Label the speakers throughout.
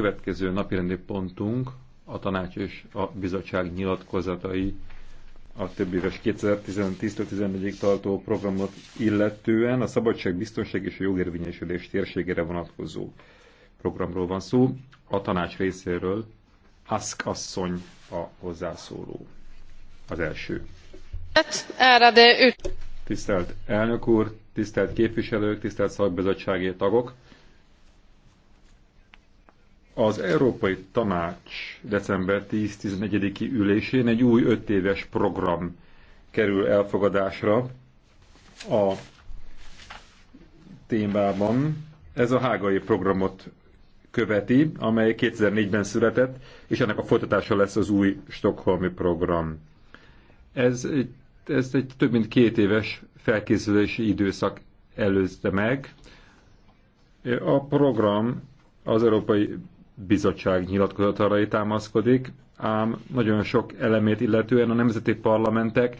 Speaker 1: következő napirendi pontunk a tanács és a bizottság nyilatkozatai a több éves 2010-14-ig tartó programot illetően a szabadság, biztonság és a jogérvényesülés térségére vonatkozó programról van szó. A tanács részéről Ask asszony a hozzászóló. Az első. Tisztelt elnök úr, tisztelt képviselők, tisztelt szakbizottsági tagok! Az Európai Tanács december 10-11-i ülésén egy új ötéves éves program kerül elfogadásra a témában. Ez a hágai programot követi, amely 2004-ben született, és ennek a folytatása lesz az új Stockholmi program. Ez egy, ez egy több mint két éves felkészülési időszak előzte meg. A program az Európai bizottság nyilatkozatára támaszkodik, ám nagyon sok elemét illetően a nemzeti parlamentek,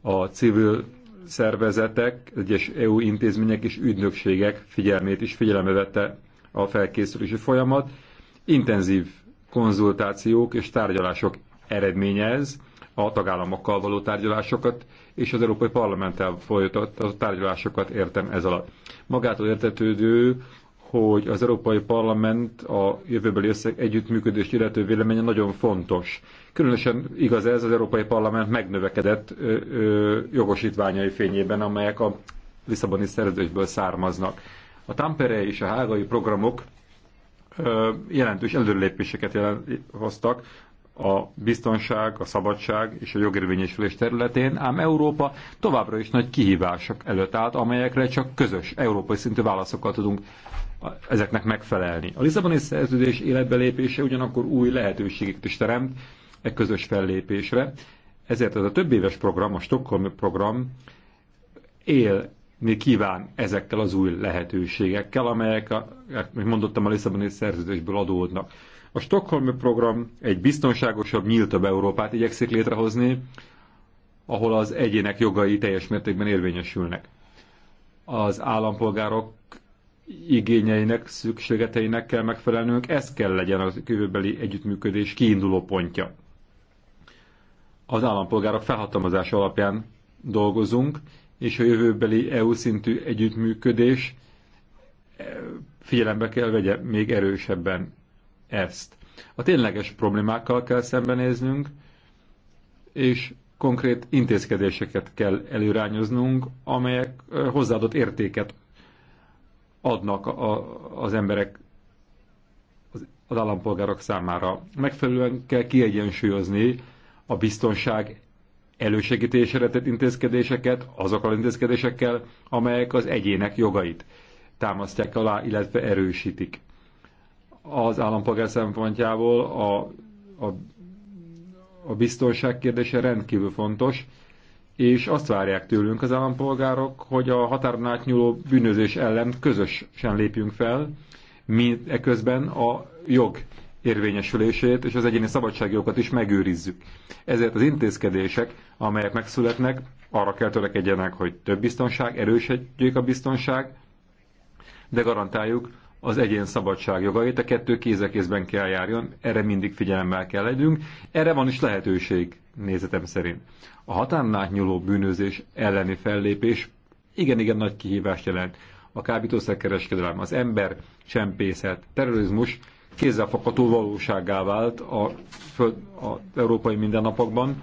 Speaker 1: a civil szervezetek, egyes EU intézmények és ügynökségek figyelmét is figyelembe vette a felkészülési folyamat. Intenzív konzultációk és tárgyalások eredménye a tagállamokkal való tárgyalásokat és az Európai Parlamenttel folytatott tárgyalásokat értem ez alatt. Magától értetődő, hogy az Európai Parlament a jövőbeli összeg együttműködést illető véleménye nagyon fontos. Különösen igaz ez az Európai Parlament megnövekedett ö, ö, jogosítványai fényében, amelyek a Lisszaboni szerződésből származnak. A Tampere és a Hágai programok ö, jelentős előlépéseket jelent, hoztak a biztonság, a szabadság és a jogérvényesülés területén, ám Európa továbbra is nagy kihívások előtt állt, amelyekre csak közös európai szintű válaszokat tudunk ezeknek megfelelni. A Lisszaboni szerződés életbelépése ugyanakkor új lehetőségeket is teremt e közös fellépésre, ezért ez a több éves program, a Stockholmi program élni kíván ezekkel az új lehetőségekkel, amelyek, mint mondottam, a Lisszaboni szerződésből adódnak. A Stockholmi program egy biztonságosabb, nyíltabb Európát igyekszik létrehozni, ahol az egyének jogai teljes mértékben érvényesülnek. Az állampolgárok igényeinek, szükségeteinek kell megfelelnünk, ez kell legyen a jövőbeli együttműködés kiinduló pontja. Az állampolgárok felhatalmazása alapján dolgozunk, és a jövőbeli EU szintű együttműködés eh, figyelembe kell vegye még erősebben ezt. A tényleges problémákkal kell szembenéznünk, és konkrét intézkedéseket kell előrányoznunk, amelyek eh, hozzáadott értéket adnak a, az emberek, az, az állampolgárok számára. Megfelelően kell kiegyensúlyozni a biztonság elősegítésére tett intézkedéseket azokkal az intézkedésekkel, amelyek az egyének jogait támasztják alá, illetve erősítik. Az állampolgár szempontjából a, a, a biztonság kérdése rendkívül fontos, és azt várják tőlünk az állampolgárok, hogy a határon átnyúló bűnözés ellen közösen lépjünk fel, mi eközben a jog érvényesülését és az egyéni szabadságjogokat is megőrizzük. Ezért az intézkedések, amelyek megszületnek, arra kell törekedjenek, hogy több biztonság, erősedjék a biztonság, de garantáljuk, az egyén szabadság jogait, a kettő kézekézben kell járjon, erre mindig figyelemmel kell legyünk, erre van is lehetőség nézetem szerint. A határon átnyúló bűnözés elleni fellépés igen-igen nagy kihívást jelent. A kábítószerkereskedelem, az ember, csempészet, terrorizmus kézzelfogható valóságá vált a, föld, a európai mindennapokban,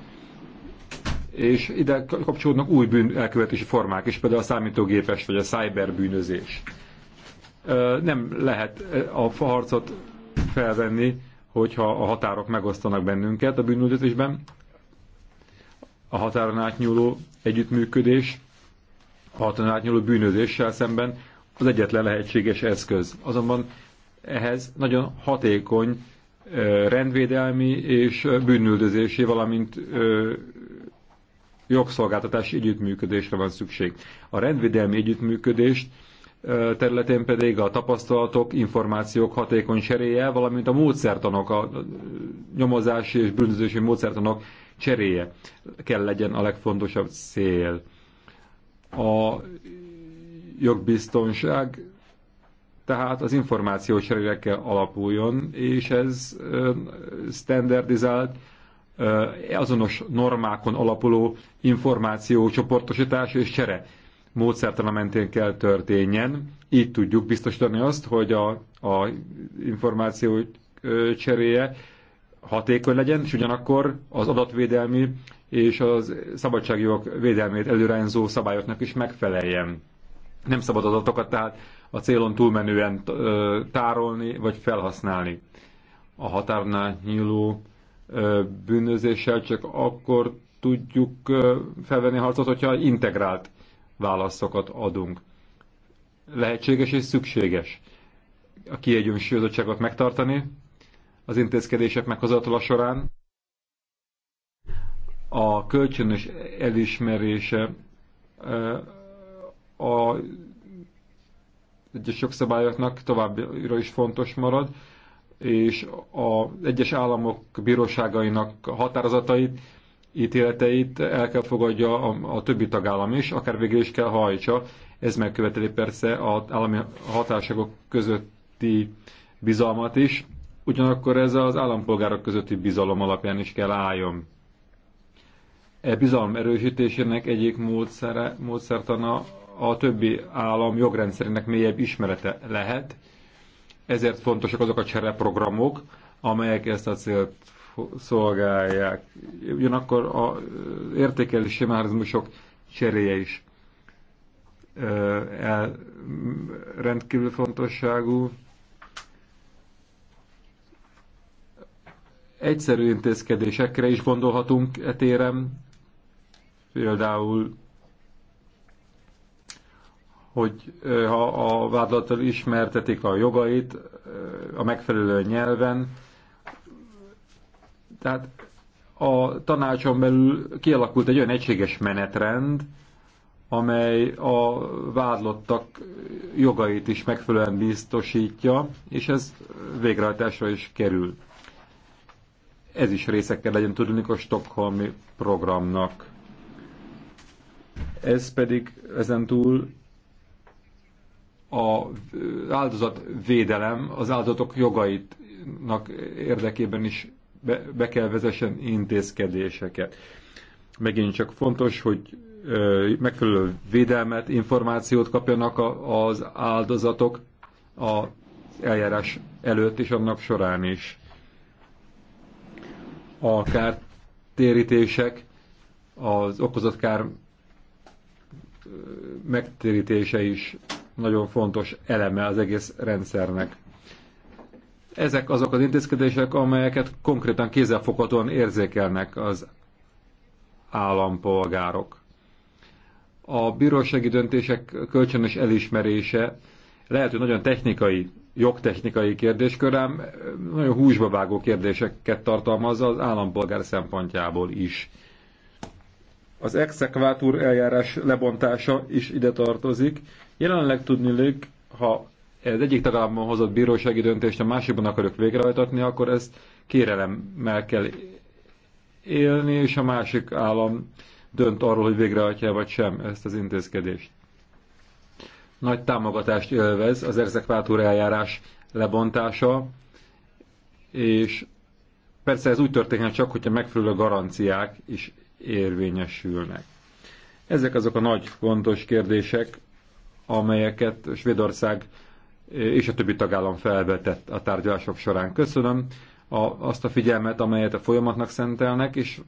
Speaker 1: és ide kapcsolódnak új bűn elkövetési formák is, például a számítógépes vagy a cyberbűnözés. bűnözés nem lehet a harcot felvenni, hogyha a határok megosztanak bennünket a bűnüldözésben. A határon átnyúló együttműködés, a határon átnyúló bűnözéssel szemben az egyetlen lehetséges eszköz. Azonban ehhez nagyon hatékony rendvédelmi és bűnüldözési, valamint jogszolgáltatási együttműködésre van szükség. A rendvédelmi együttműködést területén pedig a tapasztalatok, információk hatékony cseréje, valamint a módszertanok, a nyomozási és bűnözési módszertanok cseréje kell legyen a legfontosabb cél. A jogbiztonság tehát az információ cserére kell alapuljon, és ez standardizált, azonos normákon alapuló információ csoportosítás és csere módszertana mentén kell történjen. Így tudjuk biztosítani azt, hogy a, a információ cseréje hatékony legyen, és ugyanakkor az adatvédelmi és az szabadságjogok védelmét előrányzó szabályoknak is megfeleljen. Nem szabad adatokat tehát a célon túlmenően tárolni vagy felhasználni. A határnál nyíló bűnözéssel csak akkor tudjuk felvenni a harcot, hogyha integrált válaszokat adunk. Lehetséges és szükséges a kiegyensúlyozottságot megtartani az intézkedések meghozatala során. A kölcsönös elismerése a egyes jogszabályoknak továbbra is fontos marad, és az egyes államok bíróságainak határozatait ítéleteit el kell fogadja a, a többi tagállam is, akár végül is kell hajtsa. Ez megköveteli persze az állami hatáságok közötti bizalmat is, ugyanakkor ez az állampolgárok közötti bizalom alapján is kell álljon. E bizalom erősítésének egyik módszere, módszertana a többi állam jogrendszerének mélyebb ismerete lehet, ezért fontosak azok a csereprogramok, amelyek ezt a célt szolgálják. Ugyanakkor az értékelési mechanizmusok cseréje is el, rendkívül fontosságú. Egyszerű intézkedésekre is gondolhatunk e téren, például hogy ha a vádlattal ismertetik a jogait a megfelelő nyelven, tehát a tanácson belül kialakult egy olyan egységes menetrend, amely a vádlottak jogait is megfelelően biztosítja, és ez végrehajtásra is kerül. Ez is részekkel legyen tudni a Stockholmi programnak. Ez pedig ezen túl áldozat védelem az áldozatok jogaitnak érdekében is be, be kell vezessen intézkedéseket. Megint csak fontos, hogy megfelelő védelmet, információt kapjanak az áldozatok az eljárás előtt és annak során is. A kártérítések, az okozott kár megtérítése is nagyon fontos eleme az egész rendszernek. Ezek azok az intézkedések, amelyeket konkrétan kézzelfoghatóan érzékelnek az állampolgárok. A bírósági döntések kölcsönös elismerése lehet, hogy nagyon technikai, jogtechnikai kérdéskörám, nagyon húsba vágó kérdéseket tartalmazza az állampolgár szempontjából is. Az exekvátor eljárás lebontása is ide tartozik. Jelenleg tudni lég, ha az egyik tagállamban hozott bírósági döntést a másikban akarjuk végrehajtatni, akkor ezt kérelemmel kell élni, és a másik állam dönt arról, hogy végrehajtja vagy sem ezt az intézkedést. Nagy támogatást élvez az erzekvátor eljárás lebontása, és persze ez úgy történhet csak, hogyha megfelelő garanciák is érvényesülnek. Ezek azok a nagy fontos kérdések, amelyeket Svédország és a többi tagállam felvetett a tárgyalások során. Köszönöm a, azt a figyelmet, amelyet a folyamatnak szentelnek, és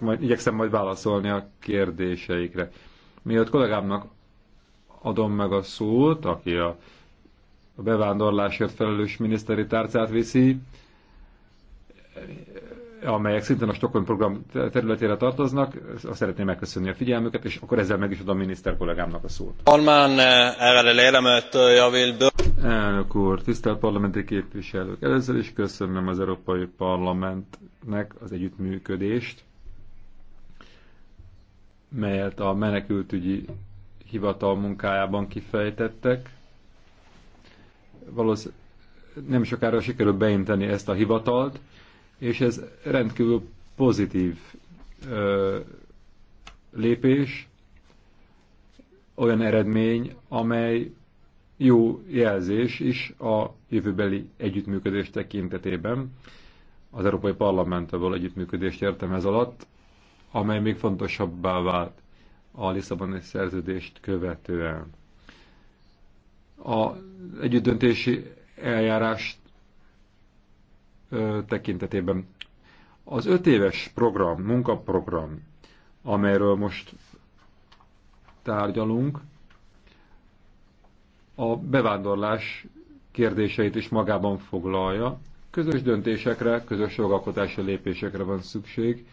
Speaker 1: majd, igyekszem majd válaszolni a kérdéseikre. Mielőtt kollégámnak adom meg a szót, aki a, a bevándorlásért felelős miniszteri tárcát viszi, amelyek szintén a Stockholm program területére tartoznak. Azt szeretném megköszönni a figyelmüket, és akkor ezzel meg is adom a miniszter kollégámnak a szót. Almán, eh, eh, Elnök úr, tisztelt parlamenti képviselők! Először is köszönöm az Európai Parlamentnek az együttműködést, melyet a menekültügyi hivatal munkájában kifejtettek. Valószínűleg nem sokára sikerül beinteni ezt a hivatalt, és ez rendkívül pozitív ö, lépés, olyan eredmény, amely jó jelzés is a jövőbeli együttműködés tekintetében, az Európai Parlamentből együttműködést értem ez alatt, amely még fontosabbá vált a Lisszaboni szerződést követően. A együttdöntési eljárást tekintetében. Az öt éves program, munkaprogram, amelyről most tárgyalunk, a bevándorlás kérdéseit is magában foglalja. Közös döntésekre, közös jogalkotási lépésekre van szükség,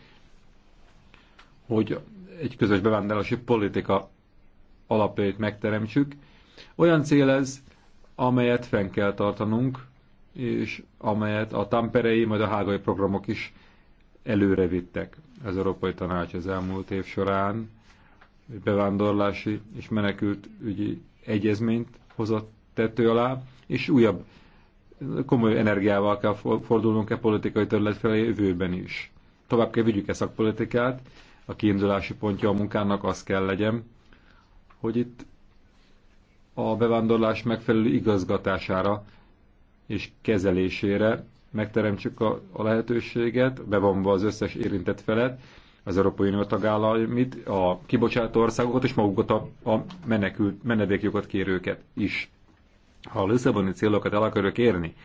Speaker 1: hogy egy közös bevándorlási politika alapjait megteremtsük. Olyan cél ez, amelyet fenn kell tartanunk, és amelyet a tamperei, majd a hágai programok is előrevittek az Európai Tanács az elmúlt év során, bevándorlási és menekült ügyi egyezményt hozott tető alá, és újabb komoly energiával kell fordulnunk a e politikai terület felé jövőben is. Tovább kell vigyük e szakpolitikát, a kiindulási pontja a munkának az kell legyen, hogy itt a bevándorlás megfelelő igazgatására és kezelésére megteremtsük a, a lehetőséget, bevonva az összes érintett felet, az Európai Unió tagállamit, a kibocsátó országokat és magukat a, a menekült, menedékjogot kérőket is. Ha a Lisszaboni célokat el akarok érni,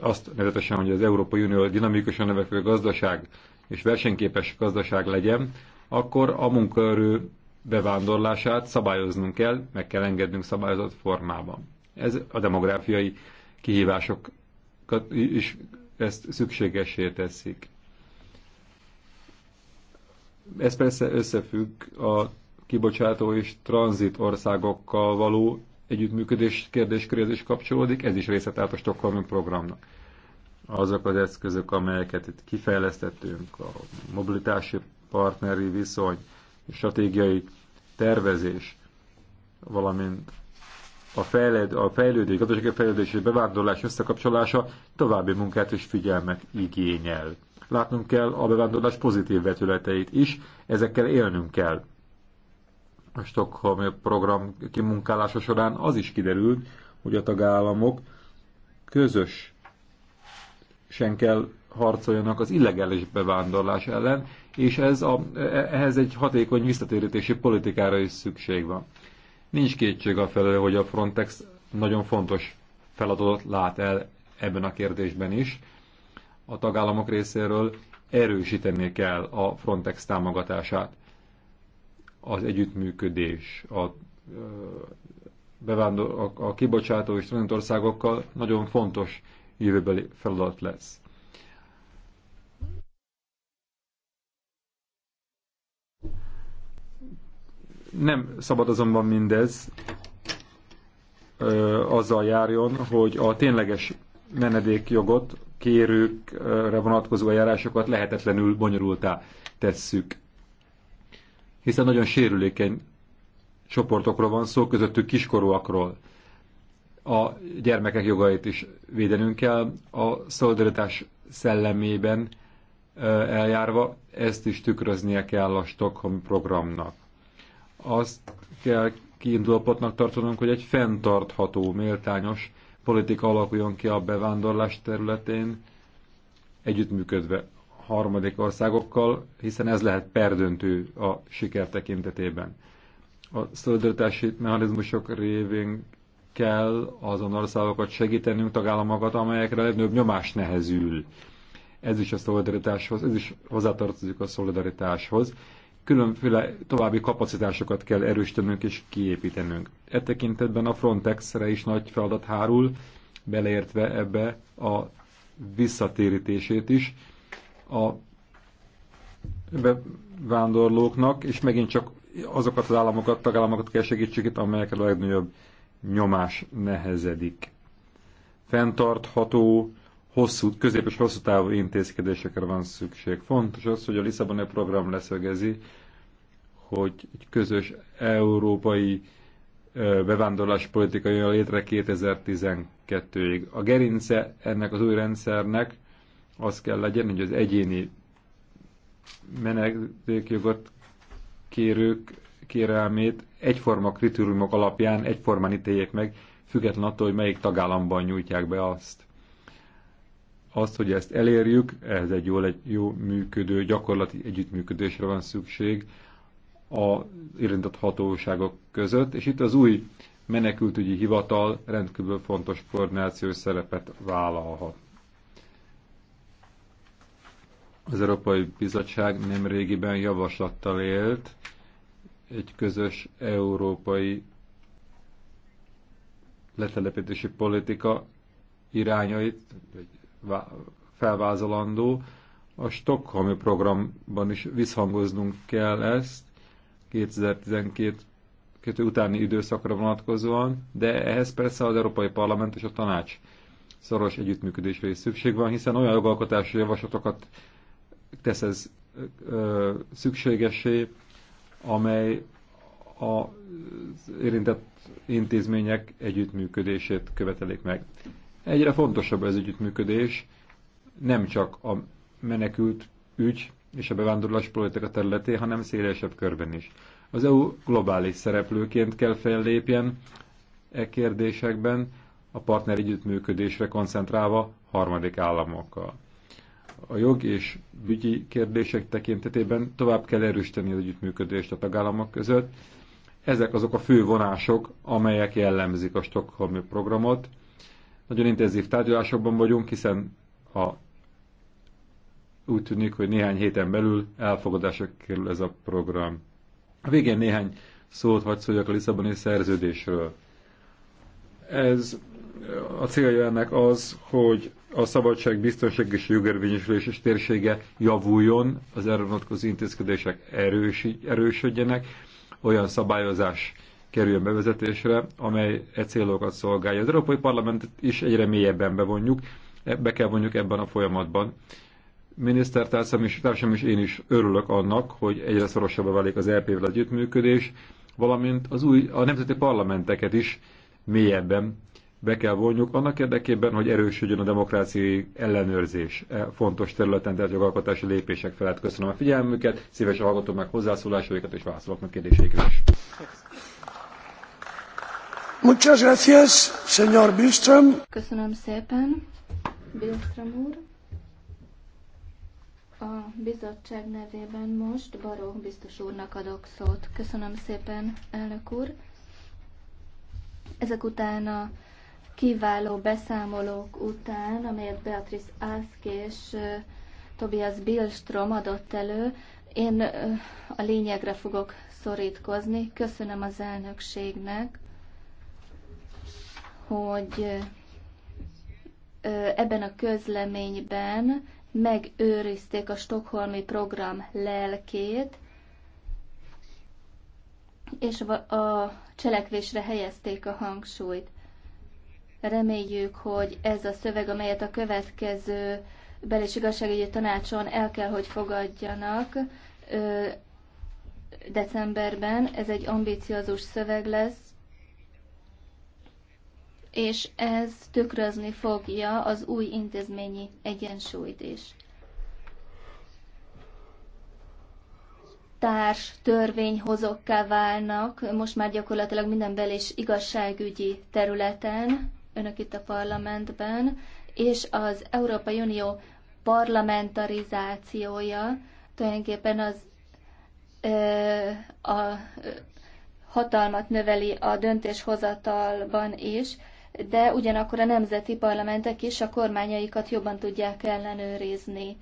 Speaker 1: azt nevetesen, hogy az Európai Unió dinamikusan növekvő gazdaság és versenyképes gazdaság legyen, akkor a munkaerő bevándorlását szabályoznunk kell, meg kell engednünk szabályozott formában. Ez a demográfiai kihívásokat is ezt szükségesé teszik. Ez persze összefügg a kibocsátó és tranzit országokkal való együttműködés kérdésköréhez is kapcsolódik, ez is része tehát a Stockholm programnak. Azok az eszközök, amelyeket itt kifejlesztettünk, a mobilitási partneri viszony, stratégiai tervezés, valamint a, fejled, a fejlődés, gazdasági fejlődés és bevándorlás összekapcsolása további munkát és figyelmet igényel. Látnunk kell a bevándorlás pozitív vetületeit is, ezekkel élnünk kell. A Stockholm program kimunkálása során az is kiderült, hogy a tagállamok közös sen kell harcoljanak az illegális bevándorlás ellen, és ez a, ehhez egy hatékony visszatérítési politikára is szükség van. Nincs kétség a felelő, hogy a Frontex nagyon fontos feladatot lát el ebben a kérdésben is. A tagállamok részéről erősíteni kell a Frontex támogatását. Az együttműködés, a, bevándor, a, a kibocsátó és tranzitországokkal nagyon fontos jövőbeli feladat lesz. Nem szabad azonban mindez ö, azzal járjon, hogy a tényleges menedékjogot kérőkre vonatkozó eljárásokat lehetetlenül bonyolultá tesszük. Hiszen nagyon sérülékeny csoportokról van szó, közöttük kiskorúakról. A gyermekek jogait is védenünk kell, a szolidaritás szellemében eljárva ezt is tükröznie kell a Stockholm programnak azt kell kiindulópontnak tartanunk, hogy egy fenntartható, méltányos politika alakuljon ki a bevándorlás területén, együttműködve harmadik országokkal, hiszen ez lehet perdöntő a siker tekintetében. A szolidaritási mechanizmusok révén kell azon országokat segítenünk, tagállamokat, amelyekre legnagyobb nyomás nehezül. Ez is a szolidaritáshoz, ez is hozzátartozik a szolidaritáshoz különféle további kapacitásokat kell erősítenünk és kiépítenünk. E tekintetben a Frontexre is nagy feladat hárul, beleértve ebbe a visszatérítését is a bevándorlóknak, és megint csak azokat az államokat, tagállamokat kell segítsük itt, amelyekre a legnagyobb nyomás nehezedik. Fenntartható, hosszú, közép és hosszú távú intézkedésekre van szükség. Fontos az, hogy a Lisszaboni program leszögezi, hogy egy közös európai politika jön létre 2012-ig. A gerince ennek az új rendszernek az kell legyen, hogy az egyéni menedékjogot kérők kérelmét egyforma kritériumok alapján egyformán ítéljék meg, független attól, hogy melyik tagállamban nyújtják be azt. Azt, hogy ezt elérjük, ehhez egy jó, egy jó működő, gyakorlati együttműködésre van szükség a érintett hatóságok között, és itt az új menekültügyi hivatal rendkívül fontos koordinációs szerepet vállalhat. Az Európai Bizottság nem régiben javaslattal élt egy közös európai letelepítési politika irányait felvázolandó. A Stockholmi programban is visszhangoznunk kell ezt, 2012 utáni időszakra vonatkozóan, de ehhez persze az Európai Parlament és a Tanács szoros együttműködésre is szükség van, hiszen olyan jogalkotási javaslatokat tesz ez ö, amely az érintett intézmények együttműködését követelik meg. Egyre fontosabb az együttműködés, nem csak a menekült ügy és a bevándorlás politika területén, hanem szélesebb körben is. Az EU globális szereplőként kell fellépjen e kérdésekben, a partner együttműködésre koncentrálva harmadik államokkal. A jog és ügyi kérdések tekintetében tovább kell erősíteni az együttműködést a tagállamok között. Ezek azok a fő vonások, amelyek jellemzik a Stockholmi programot. Nagyon intenzív tárgyalásokban vagyunk, hiszen a úgy tűnik, hogy néhány héten belül elfogadásra kerül ez a program. A végén néhány szót hagy szóljak a Lisszaboni szerződésről. Ez a célja ennek az, hogy a szabadság, biztonság és jogérvényesülés térsége javuljon, az erre vonatkozó intézkedések erősi, erősödjenek, olyan szabályozás kerüljön bevezetésre, amely e célokat szolgálja. Az Európai Parlamentet is egyre mélyebben bevonjuk, be kell vonjuk ebben a folyamatban, minisztertársam és társam is én is örülök annak, hogy egyre szorosabbá válik az LP-vel e együttműködés, valamint az új, a nemzeti parlamenteket is mélyebben be kell vonjuk, annak érdekében, hogy erősödjön a demokráciai ellenőrzés e fontos területen, tehát jogalkotási lépések felett. Köszönöm a figyelmüket, szívesen hallgatom meg hozzászólásaikat és válaszolok meg kérdéseikre is.
Speaker 2: Muchas
Speaker 3: gracias, señor Billström. Köszönöm szépen, Billström úr. A bizottság nevében most Baró biztos úrnak adok szót. Köszönöm szépen, elnök úr. Ezek után a kiváló beszámolók után, amelyet Beatrice Ask és Tobias Billstrom adott elő, én a lényegre fogok szorítkozni. Köszönöm az elnökségnek, hogy ebben a közleményben megőrizték a Stockholmi program lelkét, és a cselekvésre helyezték a hangsúlyt. Reméljük, hogy ez a szöveg, amelyet a következő bel- és igazságügyi tanácson el kell, hogy fogadjanak decemberben, ez egy ambiciózus szöveg lesz, és ez tükrözni fogja az új intézményi egyensúlyt is. társ törvényhozókká válnak, most már gyakorlatilag minden bel- és igazságügyi területen, önök itt a parlamentben, és az Európai Unió parlamentarizációja tulajdonképpen az ö, a ö, hatalmat növeli a döntéshozatalban is, de ugyanakkor a nemzeti parlamentek is a kormányaikat jobban tudják ellenőrizni.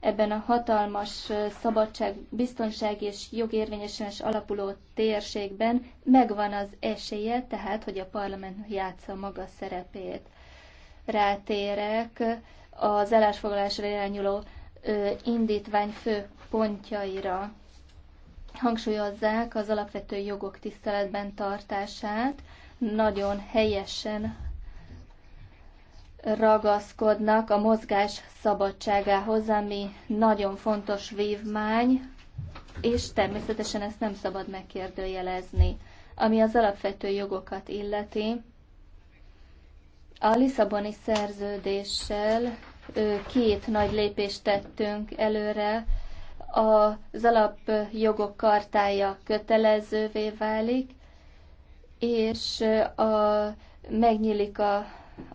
Speaker 3: Ebben a hatalmas szabadság, biztonság és jogérvényesülés alapuló térségben megvan az esélye, tehát, hogy a parlament játsza maga szerepét. Rátérek az állásfoglalásra irányuló indítvány fő pontjaira hangsúlyozzák az alapvető jogok tiszteletben tartását, nagyon helyesen ragaszkodnak a mozgás szabadságához, ami nagyon fontos vívmány, és természetesen ezt nem szabad megkérdőjelezni. Ami az alapvető jogokat illeti, a Lisszaboni szerződéssel két nagy lépést tettünk előre, az alapjogok kartája kötelezővé válik, és a, megnyílik a,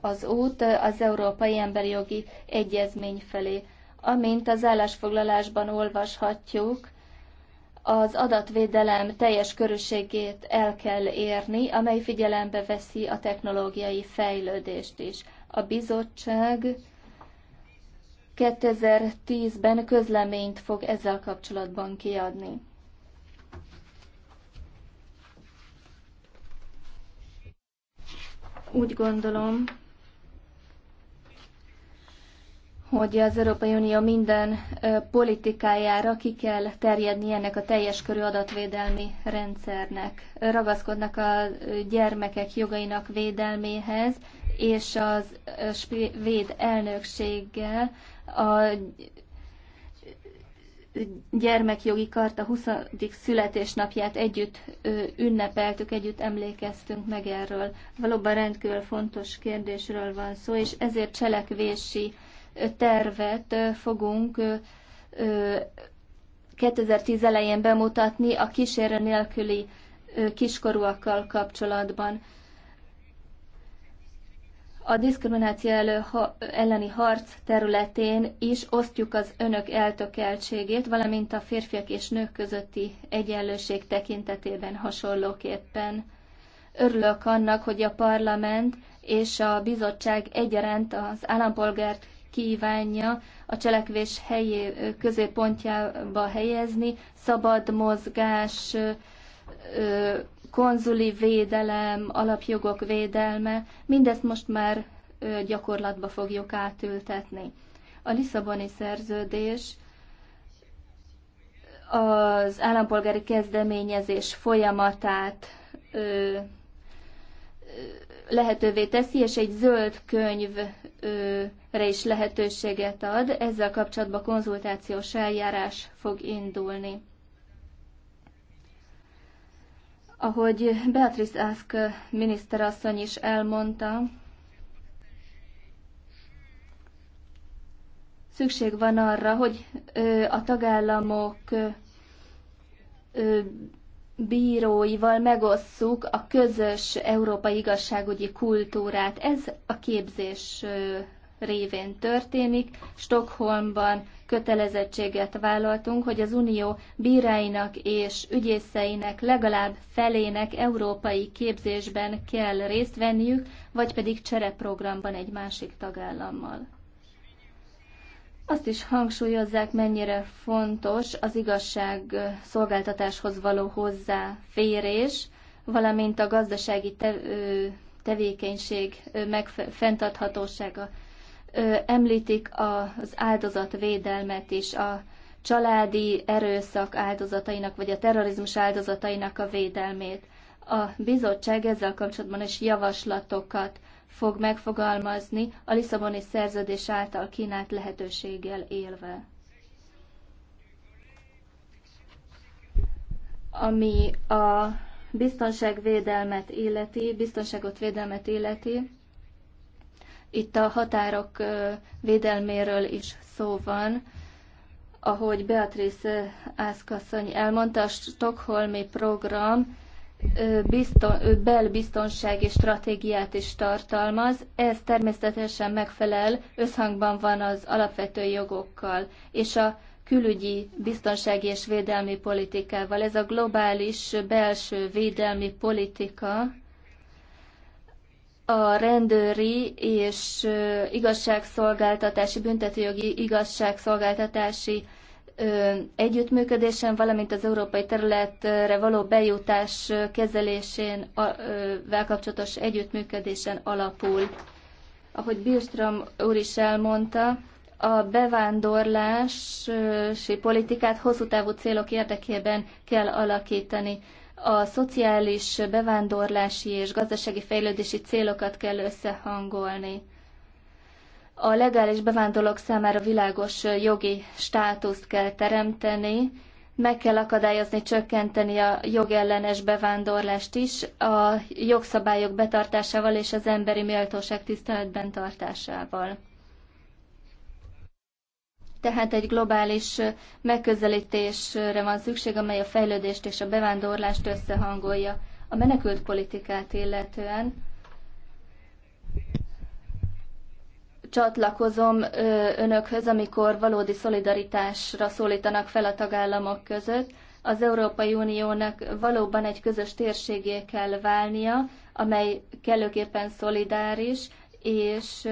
Speaker 3: az út az Európai Emberi Jogi Egyezmény felé. Amint az állásfoglalásban olvashatjuk, az adatvédelem teljes körösségét el kell érni, amely figyelembe veszi a technológiai fejlődést is. A bizottság 2010-ben közleményt fog ezzel kapcsolatban kiadni. Úgy gondolom, hogy az Európai Unió minden politikájára ki kell terjedni ennek a teljes körű adatvédelmi rendszernek. Ragaszkodnak a gyermekek jogainak védelméhez, és az véd elnökséggel a gyermekjogi karta 20. születésnapját együtt ünnepeltük, együtt emlékeztünk meg erről. Valóban rendkívül fontos kérdésről van szó, és ezért cselekvési tervet fogunk 2010 elején bemutatni a kísérő nélküli kiskorúakkal kapcsolatban a diszkrimináció elő, ha, elleni harc területén is osztjuk az önök eltökeltségét, valamint a férfiak és nők közötti egyenlőség tekintetében hasonlóképpen. Örülök annak, hogy a parlament és a bizottság egyaránt az állampolgárt kívánja a cselekvés helyé, középpontjába helyezni, szabad mozgás, ö, konzuli védelem, alapjogok védelme, mindezt most már gyakorlatba fogjuk átültetni. A Lisszaboni szerződés az állampolgári kezdeményezés folyamatát ö, lehetővé teszi, és egy zöld könyvre is lehetőséget ad. Ezzel kapcsolatban konzultációs eljárás fog indulni. Ahogy Beatrice Ask miniszterasszony is elmondta, szükség van arra, hogy a tagállamok bíróival megosszuk a közös európai igazságügyi kultúrát. Ez a képzés révén történik. Stockholmban kötelezettséget vállaltunk, hogy az Unió bíráinak és ügyészeinek legalább felének európai képzésben kell részt venniük, vagy pedig csereprogramban egy másik tagállammal. Azt is hangsúlyozzák, mennyire fontos az igazság szolgáltatáshoz való hozzáférés, valamint a gazdasági tevékenység megfe- említik a az áldozatvédelmet és a családi erőszak áldozatainak, vagy a terrorizmus áldozatainak a védelmét. A bizottság ezzel kapcsolatban is javaslatokat fog megfogalmazni a Lisszaboni szerződés által kínált lehetőséggel élve. Ami a biztonságvédelmet illeti, biztonságot védelmet illeti, itt a határok védelméről is szó van. Ahogy Beatrice Ászkasszony elmondta, a Stockholmi program bizton, belbiztonsági stratégiát is tartalmaz. Ez természetesen megfelel, összhangban van az alapvető jogokkal és a külügyi, biztonsági és védelmi politikával. Ez a globális belső védelmi politika a rendőri és igazságszolgáltatási, büntetőjogi igazságszolgáltatási együttműködésen, valamint az európai területre való bejutás kezelésén, vel kapcsolatos együttműködésen alapul. Ahogy Birstrom úr is elmondta, a bevándorlási politikát hosszú távú célok érdekében kell alakítani a szociális bevándorlási és gazdasági fejlődési célokat kell összehangolni. A legális bevándorlók számára világos jogi státuszt kell teremteni, meg kell akadályozni, csökkenteni a jogellenes bevándorlást is, a jogszabályok betartásával és az emberi méltóság tiszteletben tartásával tehát egy globális megközelítésre van szükség, amely a fejlődést és a bevándorlást összehangolja. A menekült politikát illetően csatlakozom önökhöz, amikor valódi szolidaritásra szólítanak fel a tagállamok között. Az Európai Uniónak valóban egy közös térségé kell válnia, amely kellőképpen szolidáris, és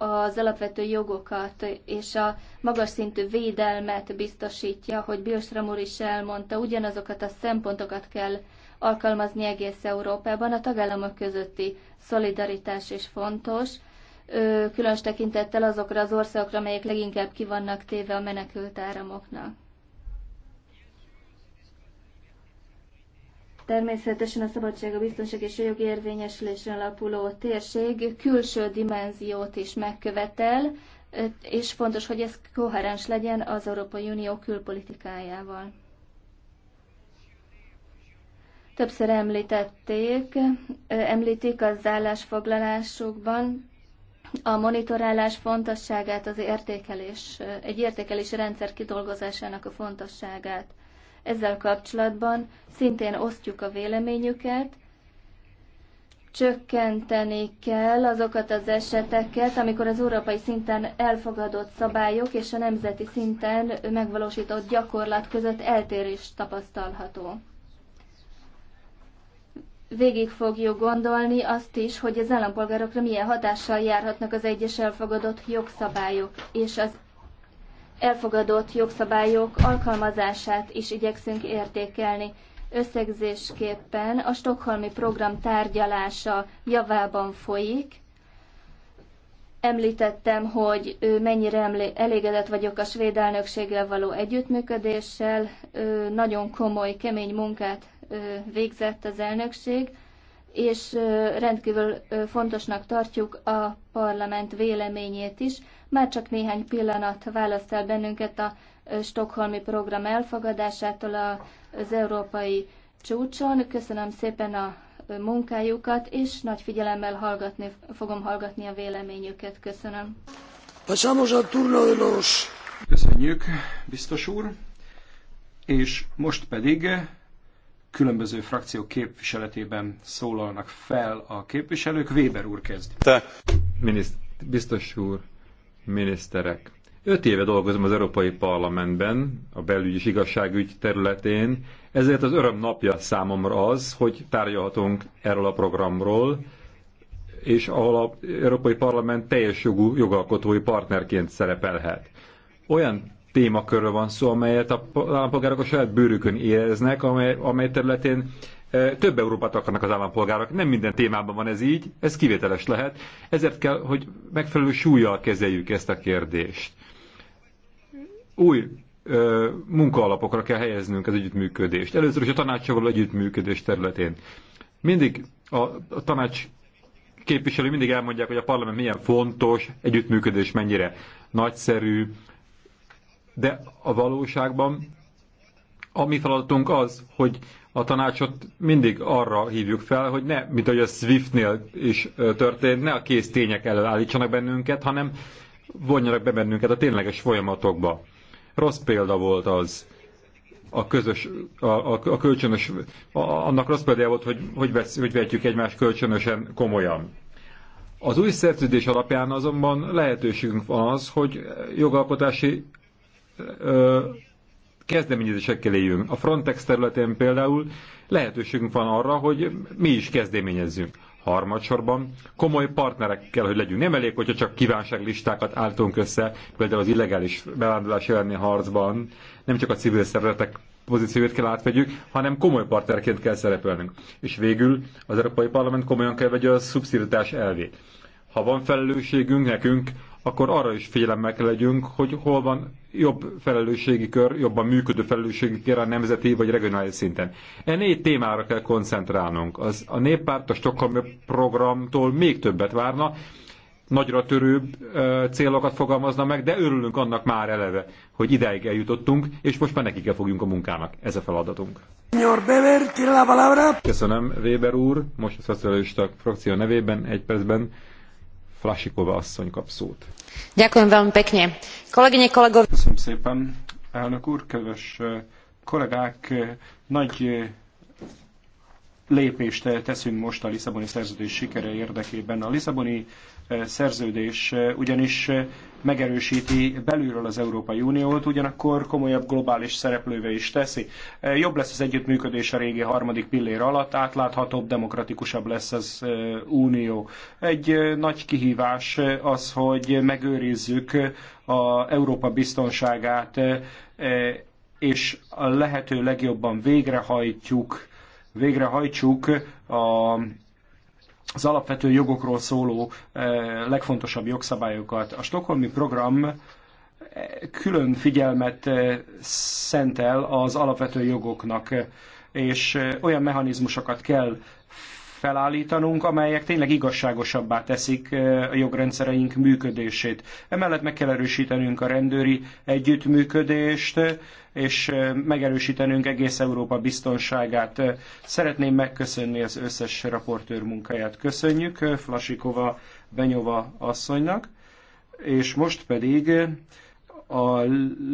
Speaker 3: az alapvető jogokat és a magas szintű védelmet biztosítja, hogy Bilsram úr is elmondta, ugyanazokat a szempontokat kell alkalmazni egész Európában. A tagállamok közötti szolidaritás is fontos, különös tekintettel azokra az országokra, amelyek leginkább kivannak téve a menekült áramoknak. Természetesen a szabadság, a biztonság és a jogi érvényesülésre alapuló térség külső dimenziót is megkövetel, és fontos, hogy ez koherens legyen az Európai Unió külpolitikájával. Többször említették, említik az állásfoglalásukban a monitorálás fontosságát, az értékelés, egy értékelési rendszer kidolgozásának a fontosságát ezzel kapcsolatban szintén osztjuk a véleményüket, csökkenteni kell azokat az eseteket, amikor az európai szinten elfogadott szabályok és a nemzeti szinten megvalósított gyakorlat között eltérés tapasztalható. Végig fogjuk gondolni azt is, hogy az állampolgárokra milyen hatással járhatnak az egyes elfogadott jogszabályok, és az elfogadott jogszabályok alkalmazását is igyekszünk értékelni. Összegzésképpen a Stockholmi program tárgyalása javában folyik. Említettem, hogy mennyire elégedett vagyok a svéd elnökséggel való együttműködéssel. Nagyon komoly, kemény munkát végzett az elnökség, és rendkívül fontosnak tartjuk a parlament véleményét is már csak néhány pillanat választ el bennünket a Stockholmi program elfogadásától az európai csúcson. Köszönöm szépen a munkájukat, és nagy figyelemmel hallgatni, fogom hallgatni a véleményüket. Köszönöm.
Speaker 4: Köszönjük, biztos úr. És most pedig különböző frakciók képviseletében szólalnak fel a képviselők.
Speaker 1: Weber úr kezd. Te, miniszt, biztos úr, miniszterek! Öt éve dolgozom az Európai Parlamentben, a belügy és igazságügy területén, ezért az öröm napja számomra az, hogy tárgyalhatunk erről a programról, és ahol az Európai Parlament teljes jogú jogalkotói partnerként szerepelhet. Olyan témakörről van szó, amelyet a állampolgárok a saját bőrükön éreznek, amely, amely területén e, több Európát akarnak az állampolgárok. Nem minden témában van ez így, ez kivételes lehet. Ezért kell, hogy megfelelő súlyjal kezeljük ezt a kérdést. Új ö, e, munkaalapokra kell helyeznünk az együttműködést. Először is a tanácsával együttműködés területén. Mindig a, a tanács képviselő mindig elmondják, hogy a parlament milyen fontos, együttműködés mennyire nagyszerű, de a valóságban a mi feladatunk az, hogy a tanácsot mindig arra hívjuk fel, hogy ne, mint ahogy a Swiftnél is történt, ne a kész tények elől állítsanak bennünket, hanem vonjanak be bennünket a tényleges folyamatokba. Rossz példa volt az a közös, a, a, a kölcsönös, a, annak rossz példa volt, hogy hogy, vesz, hogy vetjük egymást kölcsönösen komolyan. Az új szerződés alapján azonban lehetőségünk van az, hogy jogalkotási kezdeményezésekkel éljünk. A Frontex területén például lehetőségünk van arra, hogy mi is kezdeményezzünk. Harmadsorban komoly partnerekkel, hogy legyünk. Nem elég, hogyha csak kívánságlistákat álltunk össze, például az illegális bevándorlás elleni harcban, nem csak a civil szervezetek pozícióját kell átvegyük, hanem komoly partnerként kell szerepelnünk. És végül az Európai Parlament komolyan kell vegye a szubszidiaritás elvét. Ha van felelősségünk nekünk, akkor arra is figyelemmel legyünk, hogy hol van jobb felelősségi kör, jobban működő felelősségi kör a nemzeti vagy regionális szinten. E négy témára kell koncentrálnunk. Az, a néppárt a Stockholmi programtól még többet várna, nagyra törőbb ö, célokat fogalmazna meg, de örülünk annak már eleve, hogy ideig eljutottunk, és most már nekik kell fogjunk a munkának. Ez a feladatunk. Köszönöm, Weber úr. Most a szocialista frakció nevében egy percben Flasikova asszony kap szót.
Speaker 5: Ďakujem veľmi pekne. Kolegyne, kolego... Köszönöm
Speaker 1: szépen, elnök úr, kedves eh, kollégák, eh,
Speaker 4: nagy eh, lépést teszünk most a Lisszaboni szerződés sikere érdekében. A Lisszaboni szerződés eh, ugyanis eh, megerősíti belülről az Európai Uniót, ugyanakkor komolyabb globális szereplővé is teszi. Eh, jobb lesz az együttműködés a régi harmadik pillér alatt, átláthatóbb, demokratikusabb lesz az Unió. Egy nagy kihívás az, hogy megőrizzük a Európa biztonságát, és a lehető legjobban végrehajtjuk, végrehajtsuk a az alapvető jogokról szóló eh, legfontosabb jogszabályokat. A Stockholmi program eh, külön figyelmet eh, szentel az alapvető jogoknak, és olyan mechanizmusokat kell felállítanunk, amelyek tényleg igazságosabbá teszik a jogrendszereink működését. Emellett meg kell erősítenünk a rendőri együttműködést, és megerősítenünk egész Európa biztonságát. Szeretném megköszönni az összes raportőr munkáját. Köszönjük Flasikova Benyova asszonynak, és most pedig a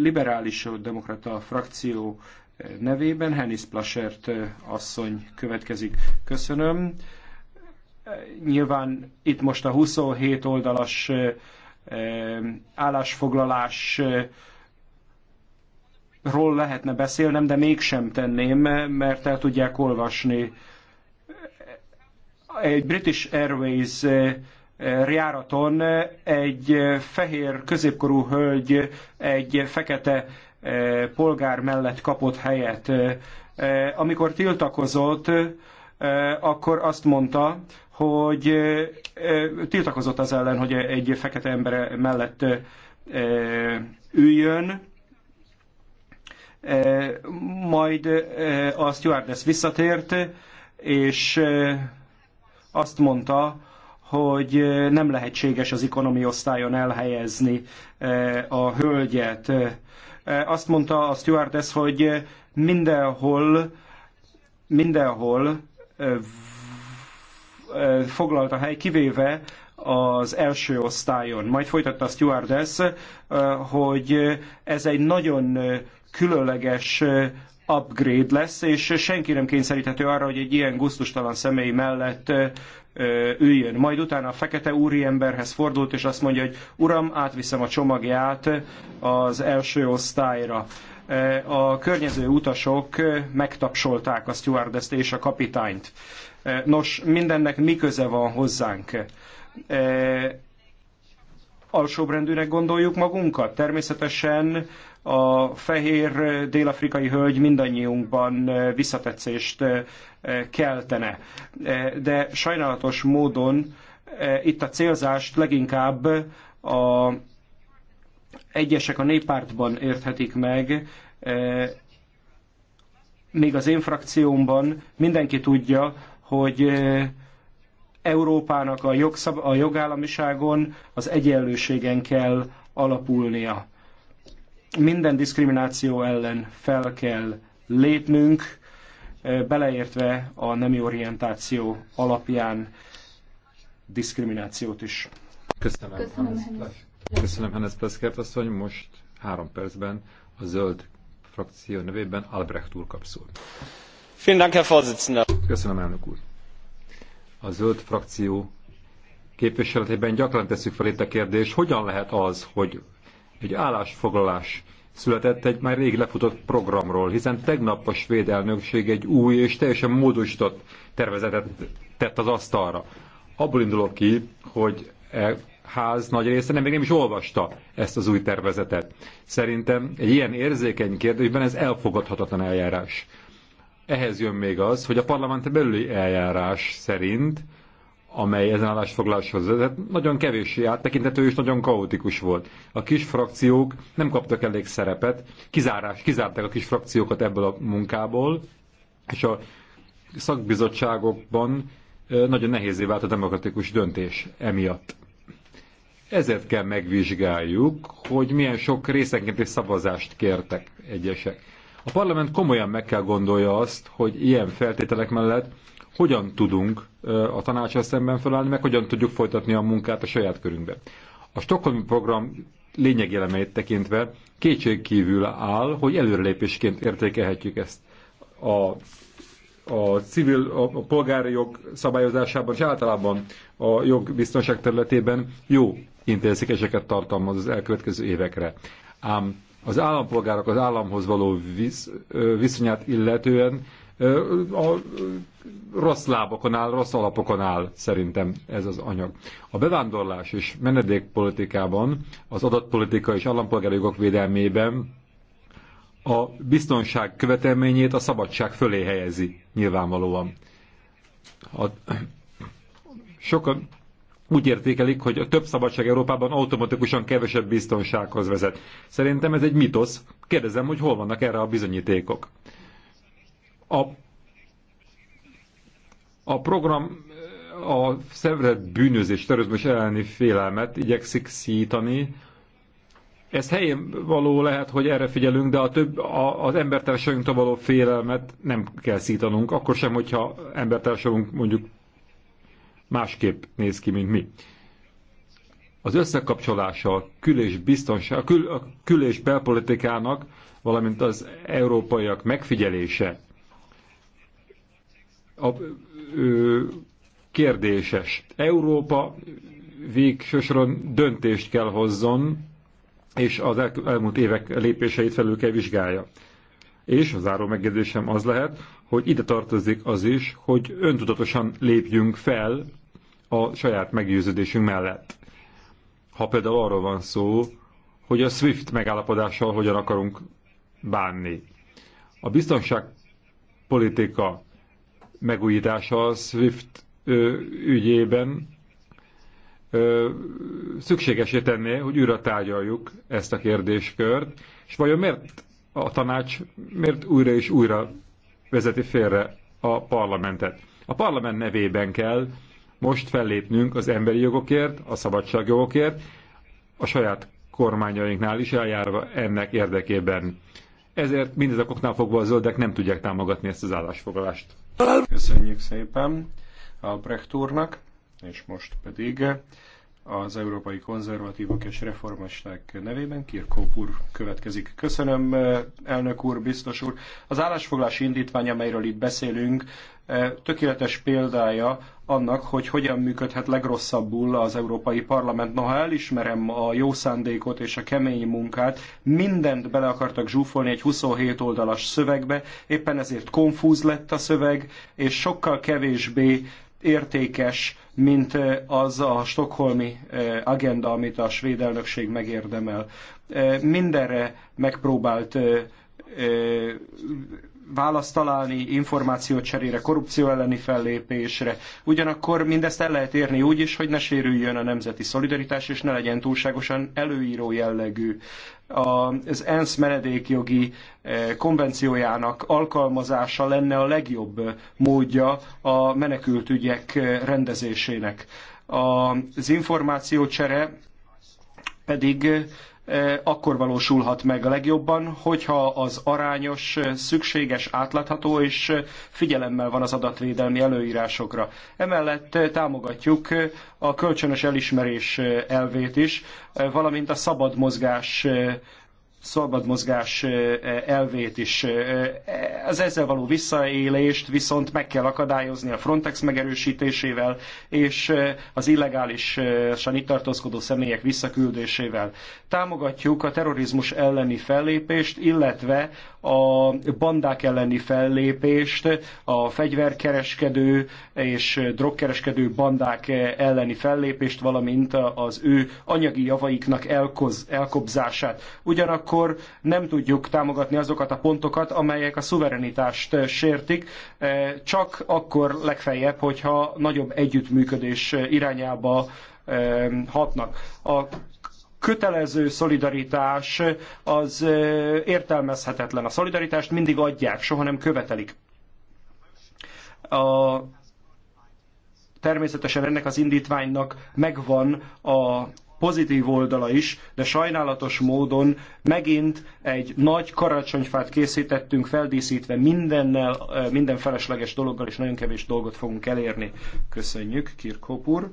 Speaker 4: liberális demokrata frakció nevében. Hennis Plasert asszony következik. Köszönöm. Nyilván itt most a 27 oldalas állásfoglalás ról lehetne beszélnem, de mégsem tenném, mert el tudják olvasni. Egy British Airways járaton egy fehér középkorú hölgy egy fekete polgár mellett kapott helyet. Amikor tiltakozott, akkor azt mondta, hogy tiltakozott az ellen, hogy egy fekete ember mellett üljön, majd a stewardess visszatért, és azt mondta, hogy nem lehetséges az ikonomi osztályon elhelyezni a hölgyet. Eh, azt mondta a stewardess, hogy eh, mindenhol, mindenhol eh, foglalt a hely, kivéve az első osztályon. Majd folytatta a stewardess, hogy ez egy nagyon különleges upgrade lesz, és senki nem kényszeríthető arra, hogy egy ilyen guztustalan személy mellett jön. Majd utána a fekete úriemberhez fordult, és azt mondja, hogy uram, átviszem a csomagját az első osztályra. A környező utasok megtapsolták a stewardeszt és a kapitányt. Nos, mindennek mi köze van hozzánk? alsóbrendűnek gondoljuk magunkat? Természetesen a fehér délafrikai hölgy mindannyiunkban visszatetszést keltene. E, de sajnálatos módon e, itt a célzást leginkább a egyesek a néppártban érthetik meg, e, még az én frakciómban mindenki tudja, hogy Európának a, jogszab, a jogállamiságon, az egyenlőségen kell alapulnia. Minden diszkrimináció ellen fel kell lépnünk, beleértve a nemi orientáció alapján
Speaker 1: diszkriminációt is. Köszönöm, Köszönöm Hannes, Köszönöm, Hannes asszony. Most három percben a zöld frakció nevében Albrecht úr kap szót. Köszönöm, elnök úr. A zöld frakció képviseletében gyakran tesszük fel itt a kérdés, hogyan lehet az, hogy egy állásfoglalás született egy már rég lefutott programról, hiszen tegnap a svéd elnökség egy új és teljesen módosított tervezetet tett az asztalra. Abból indulok ki, hogy e ház nagy része nem, még nem is olvasta ezt az új tervezetet. Szerintem egy ilyen érzékeny kérdésben ez elfogadhatatlan eljárás. Ehhez jön még az, hogy a parlament belüli eljárás szerint amely ezen állásfoglaláshoz vezet, nagyon kevéssé áttekintető és nagyon kaotikus volt. A kis frakciók nem kaptak elég szerepet, kizárás, kizárták a kis frakciókat ebből a munkából, és a szakbizottságokban nagyon nehézé vált a demokratikus döntés emiatt. Ezért kell megvizsgáljuk, hogy milyen sok részenkénti szavazást kértek egyesek. A parlament komolyan meg kell gondolja azt, hogy ilyen feltételek mellett hogyan tudunk a tanácsal szemben felállni, meg hogyan tudjuk folytatni a munkát a saját körünkben. A Stockholmi program lényegelemeit tekintve kétségkívül áll, hogy előrelépésként értékelhetjük ezt a, a civil, a, a polgári jog szabályozásában és általában a jogbiztonság területében jó intézkedéseket tartalmaz az elkövetkező évekre. Ám az állampolgárok az államhoz való visz, viszonyát illetően a rossz lábokon áll, rossz alapokon áll szerintem ez az anyag. A bevándorlás és menedékpolitikában, az adatpolitika és állampolgári jogok védelmében a biztonság követelményét a szabadság fölé helyezi nyilvánvalóan. A, sokan úgy értékelik, hogy a több szabadság Európában automatikusan kevesebb biztonsághoz vezet. Szerintem ez egy mitosz. Kérdezem, hogy hol vannak erre a bizonyítékok. A, a program a szervezet bűnözés, terrorizmus elleni félelmet igyekszik szítani. Ez helyén való lehet, hogy erre figyelünk, de a több, a, az embertársainktól való félelmet nem kell szítanunk, akkor sem, hogyha embertársunk mondjuk másképp néz ki, mint mi. Az összekapcsolása a kül- és, biztonság, a kül- a kül- és belpolitikának, valamint az európaiak megfigyelése a, ö, kérdéses. Európa végsősoron döntést kell hozzon, és az el, elmúlt évek lépéseit felül kell vizsgálja. És a záró megjegyzésem az lehet, hogy ide tartozik az is, hogy öntudatosan lépjünk fel a saját meggyőződésünk mellett. Ha például arról van szó, hogy a SWIFT megállapodással hogyan akarunk bánni. A biztonságpolitika megújítása a SWIFT ügyében szükségesé tenné, hogy újra tárgyaljuk ezt a kérdéskört, és vajon miért a tanács miért újra és újra vezeti félre a parlamentet? A parlament nevében kell most fellépnünk az emberi jogokért, a szabadságjogokért, a saját kormányainknál is eljárva ennek érdekében. Ezért mindezek oknál fogva a zöldek nem tudják támogatni ezt az állásfoglalást.
Speaker 4: Köszönjük szépen a Brecht úrnak, és most pedig az Európai Konzervatívok és Reformisták nevében Kirkóp úr következik. Köszönöm, elnök úr, biztos úr. Az állásfoglási indítvány, amelyről itt beszélünk, tökéletes példája annak, hogy hogyan működhet legrosszabbul az Európai Parlament. Noha elismerem a jó szándékot és a kemény munkát, mindent bele akartak zsúfolni egy 27 oldalas szövegbe, éppen ezért konfúz lett a szöveg, és sokkal kevésbé értékes, mint az a stokholmi agenda, amit a svéd elnökség megérdemel. Mindenre megpróbált választ találni információcserére, korrupció elleni fellépésre. Ugyanakkor mindezt el lehet érni úgy is, hogy ne sérüljön a nemzeti szolidaritás, és ne legyen túlságosan előíró jellegű. Az ENSZ menedékjogi eh, konvenciójának alkalmazása lenne a legjobb módja a menekültügyek eh, rendezésének. Az információcsere pedig eh, Eh, akkor valósulhat meg a legjobban, hogyha az arányos, eh, szükséges, átlátható és eh, figyelemmel van az adatvédelmi előírásokra. Emellett támogatjuk a kölcsönös elismerés elvét is, valamint a szabad mozgás szabad mozgás elvét is. Az ezzel való visszaélést viszont meg kell akadályozni a Frontex megerősítésével és az illegálisan itt tartózkodó személyek visszaküldésével. Támogatjuk a terrorizmus elleni fellépést, illetve a bandák elleni fellépést, a fegyverkereskedő és drogkereskedő bandák elleni fellépést, valamint az ő anyagi javaiknak elkoz, elkobzását. Ugyanakkor nem tudjuk támogatni azokat a pontokat, amelyek a szuverenitást sértik, csak akkor legfeljebb, hogyha nagyobb együttműködés irányába eh, hatnak. A kötelező szolidaritás az értelmezhetetlen. A szolidaritást mindig adják, soha nem követelik. A természetesen ennek az indítványnak megvan a pozitív oldala is, de sajnálatos módon megint egy nagy karácsonyfát készítettünk, feldíszítve mindennel, minden felesleges dologgal, és nagyon kevés dolgot fogunk elérni. Köszönjük, Kirkhope úr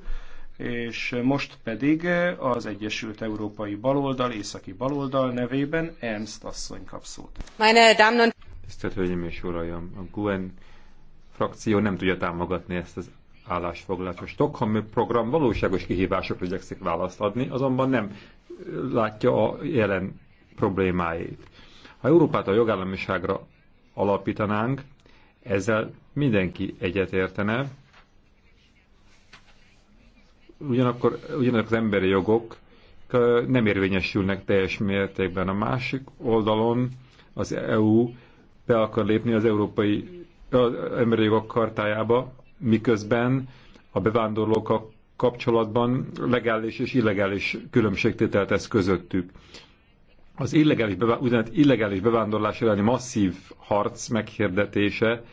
Speaker 4: és most pedig az Egyesült Európai Baloldal, Északi Baloldal nevében Ernst asszony kap szót. Meine Damen und
Speaker 1: Tisztelt Hölgyeim és Uraim, a GUEN frakció nem tudja támogatni ezt az állásfoglalást. A Stockholm program valóságos kihívásokra igyekszik választ adni, azonban nem látja a jelen problémáit. Ha Európát a jogállamiságra alapítanánk, ezzel mindenki egyetértene, ugyanakkor ugyanak az emberi jogok nem érvényesülnek teljes mértékben. A másik oldalon az EU be akar lépni az európai az emberi jogok kartájába, miközben a bevándorlókkal kapcsolatban legális és illegális különbségtételt tesz közöttük. Az illegális, bevándorlás, illegális bevándorlás elleni masszív harc meghirdetése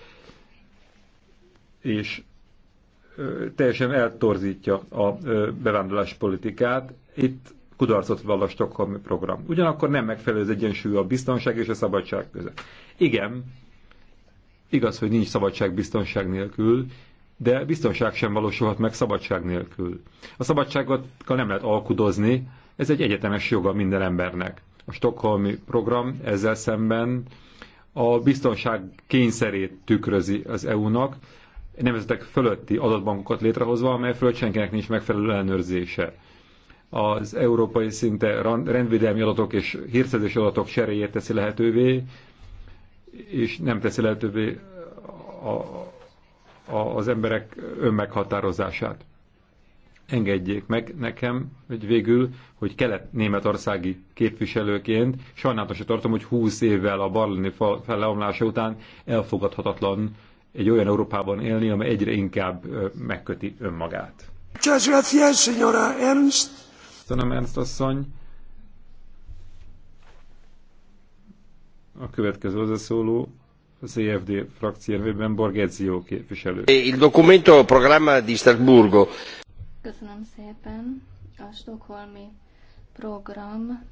Speaker 1: és teljesen eltorzítja a bevándorlás politikát. Itt kudarcot vall a Stockholm program. Ugyanakkor nem megfelelő az egyensúly a biztonság és a szabadság között. Igen, igaz, hogy nincs szabadság biztonság nélkül, de biztonság sem valósulhat meg szabadság nélkül. A szabadságot nem lehet alkudozni, ez egy egyetemes joga minden embernek. A Stockholmi program ezzel szemben a biztonság kényszerét tükrözi az EU-nak, nemzetek fölötti adatbankokat létrehozva, amely fölött senkinek nincs megfelelő ellenőrzése. Az európai szinte rendvédelmi adatok és hírszerzés adatok seréjét teszi lehetővé, és nem teszi lehetővé a, a, az emberek önmeghatározását. Engedjék meg nekem, hogy végül, hogy kelet-németországi képviselőként sajnálatosan tartom, hogy 20 évvel a barlini fal leomlása után elfogadhatatlan egy olyan Európában élni, amely egyre inkább megköti önmagát.
Speaker 2: Muchas gracias, señora Ernst.
Speaker 1: Köszönöm, Ernst asszony. A következő az a CFD frakció nevében Borgezio képviselő. Il documento programma
Speaker 2: di Strasburgo.
Speaker 3: Köszönöm szépen. A Stockholmi program,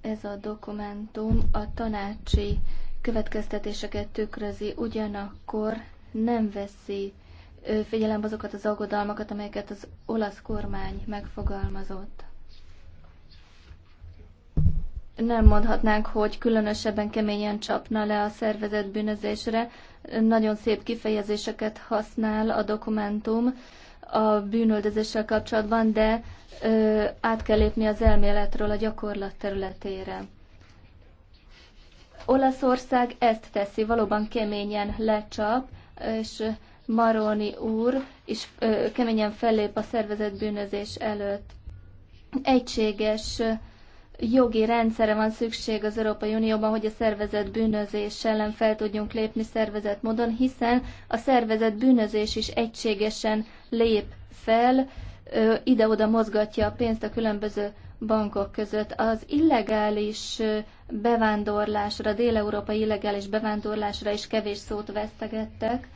Speaker 3: ez a dokumentum a tanácsi következtetéseket tükrözi, ugyanakkor nem veszi figyelembe azokat az aggodalmakat, amelyeket az olasz kormány megfogalmazott. Nem mondhatnánk, hogy különösebben keményen csapna le a szervezet bűnözésre. Nagyon szép kifejezéseket használ a dokumentum a bűnöldözéssel kapcsolatban, de ö, át kell lépni az elméletről a gyakorlat területére. Olaszország ezt teszi, valóban keményen lecsap, és Maroni úr is keményen fellép a szervezett bűnözés előtt. Egységes jogi rendszere van szükség az Európai Unióban, hogy a szervezett bűnözés ellen fel tudjunk lépni szervezett módon, hiszen a szervezett bűnözés is egységesen lép fel, ide-oda mozgatja a pénzt a különböző bankok között. Az illegális bevándorlásra, déleurópai illegális bevándorlásra is kevés szót vesztegettek.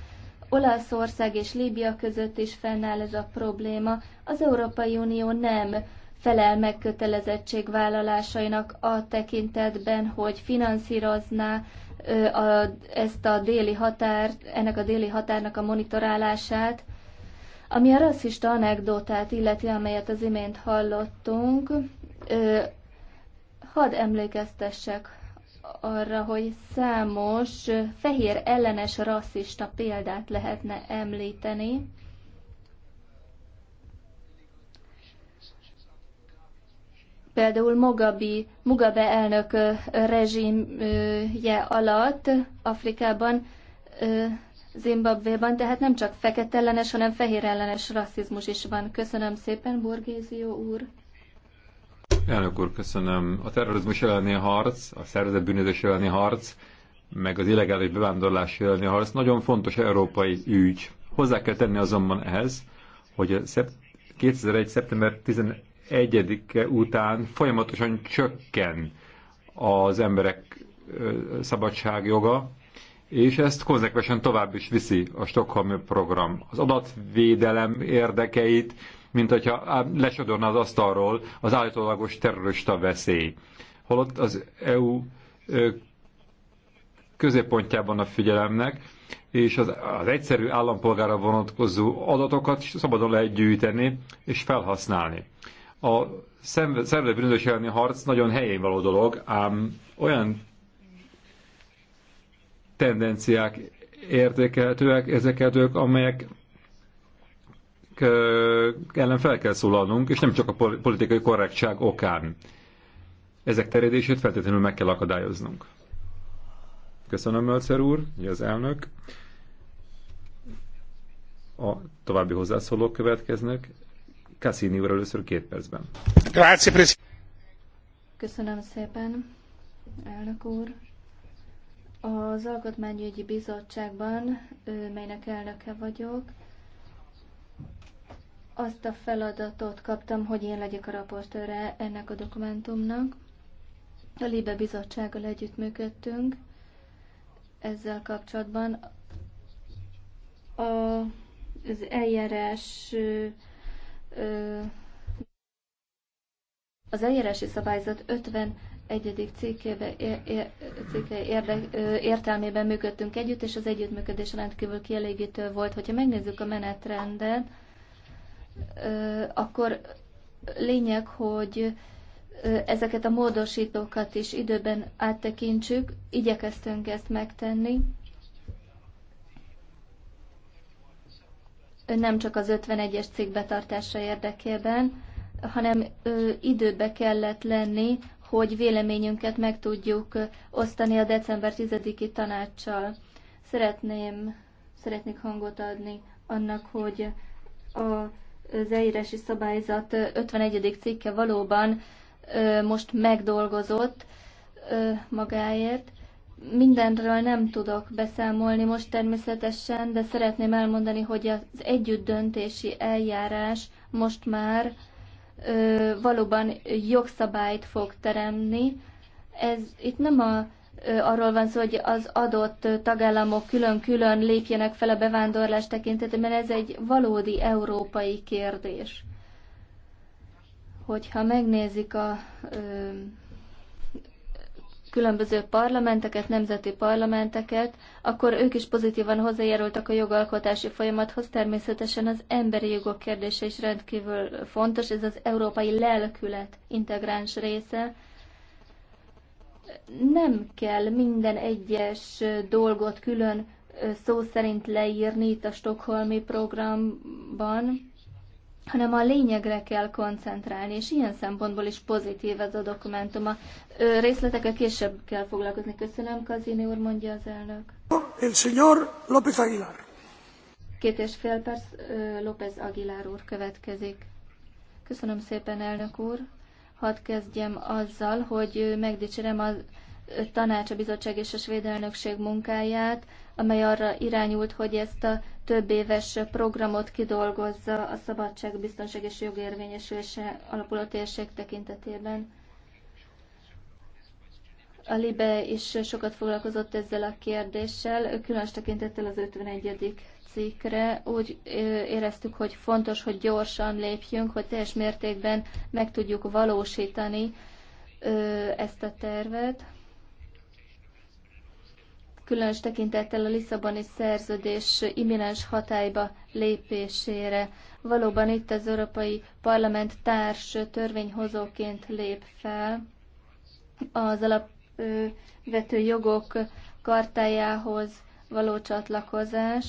Speaker 3: Olaszország és Líbia között is fennáll ez a probléma. Az Európai Unió nem felel meg kötelezettségvállalásainak a tekintetben, hogy finanszírozná a, ezt a déli határt, ennek a déli határnak a monitorálását, ami a rasszista anekdotát illeti, amelyet az imént hallottunk, Hadd emlékeztessek arra, hogy számos fehér ellenes rasszista példát lehetne említeni. Például Mugabe, Mugabe elnök rezsimje alatt Afrikában, Zimbabvéban, tehát nem csak fekete ellenes, hanem fehér ellenes rasszizmus is van. Köszönöm szépen, Borgézió úr!
Speaker 1: Elnök úr, köszönöm. A terrorizmus elleni harc, a szervezett bűnözés elleni harc, meg az illegális bevándorlás elleni harc nagyon fontos európai ügy. Hozzá kell tenni azonban ehhez, hogy a 2001. szeptember 11-e után folyamatosan csökken az emberek szabadságjoga, és ezt konzekvesen tovább is viszi a Stockholm program. Az adatvédelem érdekeit, mint hogyha lesodorna az asztalról az állítólagos terrorista veszély. Holott az EU középpontjában a figyelemnek, és az, az egyszerű állampolgára vonatkozó adatokat szabadon lehet gyűjteni és felhasználni. A szervezett bűnözés elleni harc nagyon helyén való dolog, ám olyan tendenciák értékelhetőek, ezekkelhetők, amelyek ellen fel kell szólalnunk, és nem csak a politikai korrektság okán. Ezek terjedését feltétlenül meg kell akadályoznunk. Köszönöm, Mölcer úr, ugye az elnök. A további hozzászólók következnek. Cassini úr először két percben.
Speaker 3: Köszönöm szépen, elnök úr. Az Alkotmányügyi Bizottságban, melynek elnöke vagyok, azt a feladatot kaptam, hogy én legyek a raportőre ennek a dokumentumnak. A Libe Bizottsággal együttműködtünk ezzel kapcsolatban. A, az eljárás az eljárási szabályzat 51. cikkébe, cikke érde, értelmében működtünk együtt, és az együttműködés rendkívül kielégítő volt. Hogyha megnézzük a menetrendet, akkor lényeg, hogy ezeket a módosítókat is időben áttekintsük. Igyekeztünk ezt megtenni. Nem csak az 51-es cikk betartása érdekében, hanem időbe kellett lenni, hogy véleményünket meg tudjuk osztani a december 10-i tanácssal. Szeretném, szeretnék hangot adni annak, hogy a az elírási szabályzat 51. cikke valóban most megdolgozott magáért. Mindenről nem tudok beszámolni most természetesen, de szeretném elmondani, hogy az együttdöntési eljárás most már valóban jogszabályt fog teremni. Ez itt nem a arról van szó, hogy az adott tagállamok külön-külön lépjenek fel a bevándorlás tekintetében, ez egy valódi európai kérdés. Hogyha megnézik a ö, különböző parlamenteket, nemzeti parlamenteket, akkor ők is pozitívan hozzájárultak a jogalkotási folyamathoz. Természetesen az emberi jogok kérdése is rendkívül fontos, ez az európai lelkület integráns része nem kell minden egyes dolgot külön szó szerint leírni itt a Stokholmi programban, hanem a lényegre kell koncentrálni, és ilyen szempontból is pozitív ez a dokumentum. A részletekkel később kell foglalkozni. Köszönöm, Kazini úr, mondja az elnök.
Speaker 2: El señor López Aguilar.
Speaker 3: Két és fél perc, López Aguilar úr következik. Köszönöm szépen, elnök úr. Hadd kezdjem azzal, hogy megdicsérem a tanács, a bizottság és a svéd elnökség munkáját, amely arra irányult, hogy ezt a több éves programot kidolgozza a szabadság, biztonság és jogérvényesülése alapuló térség tekintetében. A LIBE is sokat foglalkozott ezzel a kérdéssel, különös tekintettel az 51 székre, úgy éreztük, hogy fontos, hogy gyorsan lépjünk, hogy teljes mértékben meg tudjuk valósítani ezt a tervet. Különös tekintettel a Lisszaboni szerződés imminens hatályba lépésére. Valóban itt az Európai Parlament társ törvényhozóként lép fel az alapvető jogok kartájához való csatlakozás,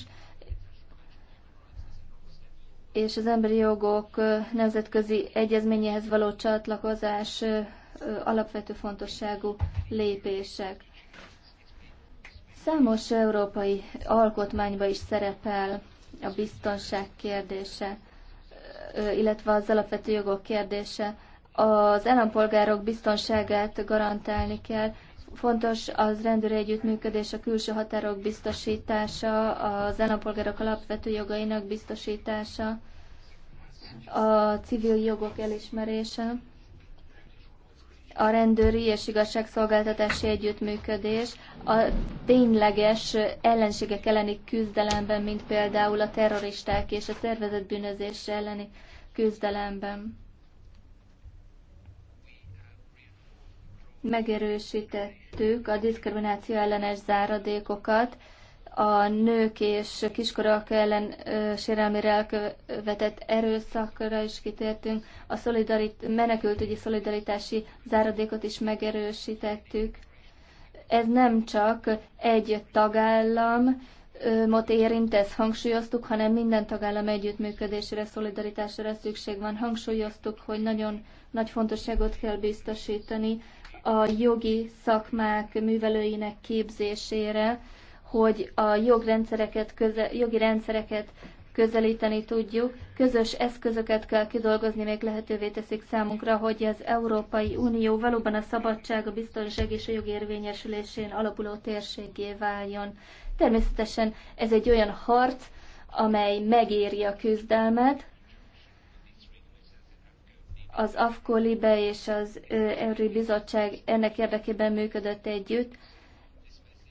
Speaker 3: és az emberi jogok nemzetközi egyezményéhez való csatlakozás alapvető fontosságú lépések. Számos európai alkotmányba is szerepel a biztonság kérdése, illetve az alapvető jogok kérdése. Az állampolgárok biztonságát garantálni kell, Fontos az rendőri együttműködés, a külső határok biztosítása, az állampolgárok alapvető jogainak biztosítása, a civil jogok elismerése, a rendőri és igazságszolgáltatási együttműködés, a tényleges ellenségek elleni küzdelemben, mint például a terroristák és a szervezett bűnözés elleni küzdelemben. megerősítettük a diszkrimináció ellenes záradékokat, a nők és kiskorok ellen sérelmére elkövetett erőszakra is kitértünk, a szolidarit- menekültügyi szolidaritási záradékot is megerősítettük. Ez nem csak egy tagállam, mot érint, ezt hangsúlyoztuk, hanem minden tagállam együttműködésére, szolidaritásra szükség van. Hangsúlyoztuk, hogy nagyon nagy fontosságot kell biztosítani a jogi szakmák művelőinek képzésére, hogy a jogrendszereket, köze, jogi rendszereket közelíteni tudjuk. Közös eszközöket kell kidolgozni, még lehetővé teszik számunkra, hogy az Európai Unió valóban a szabadság, a biztonság és a jog érvényesülésén alapuló térségé váljon. Természetesen ez egy olyan harc, amely megéri a küzdelmet, az AFKOLIBE és az erői Bizottság ennek érdekében működött együtt.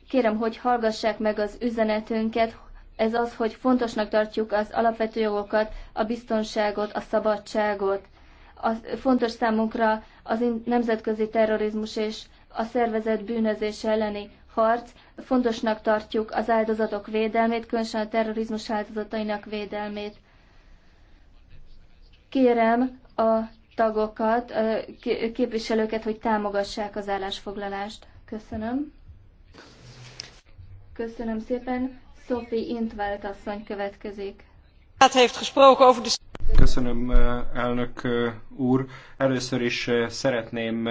Speaker 3: Kérem, hogy hallgassák meg az üzenetünket, ez az, hogy fontosnak tartjuk az alapvető jogokat, a biztonságot, a szabadságot. A, fontos számunkra az nemzetközi terrorizmus és a szervezet bűnözés elleni harc. Fontosnak tartjuk az áldozatok védelmét, különösen a terrorizmus áldozatainak védelmét. Kérem a tagokat, képviselőket, hogy támogassák az állásfoglalást. Köszönöm. Köszönöm szépen. Sophie Intvált asszony következik.
Speaker 4: Köszönöm, elnök úr. Először is szeretném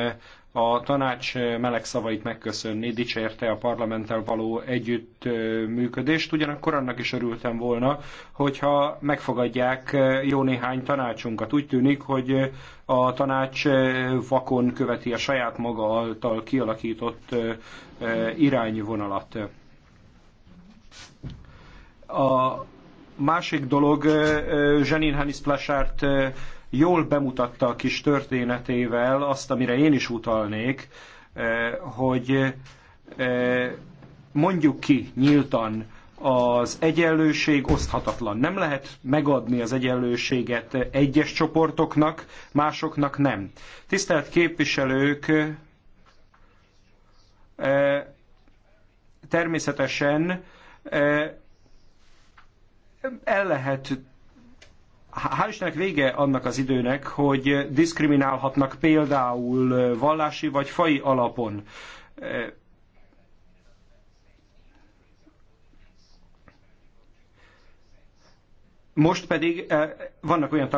Speaker 4: a tanács meleg szavait megköszönni, dicsérte a parlamenttel való együttműködést, ugyanakkor annak is örültem volna, hogyha megfogadják jó néhány tanácsunkat. Úgy tűnik, hogy a tanács vakon követi a saját maga által kialakított irányvonalat. A másik dolog, Janine Hannis Plasárt jól bemutatta a kis történetével azt, amire én is utalnék, eh, hogy eh, mondjuk ki nyíltan, az egyenlőség oszthatatlan. Nem lehet megadni az egyenlőséget egyes csoportoknak, másoknak nem. Tisztelt képviselők, eh, természetesen el lehet hál' Istennek vége annak az időnek, hogy diszkriminálhatnak például vallási vagy fai alapon. E, most pedig e, vannak olyan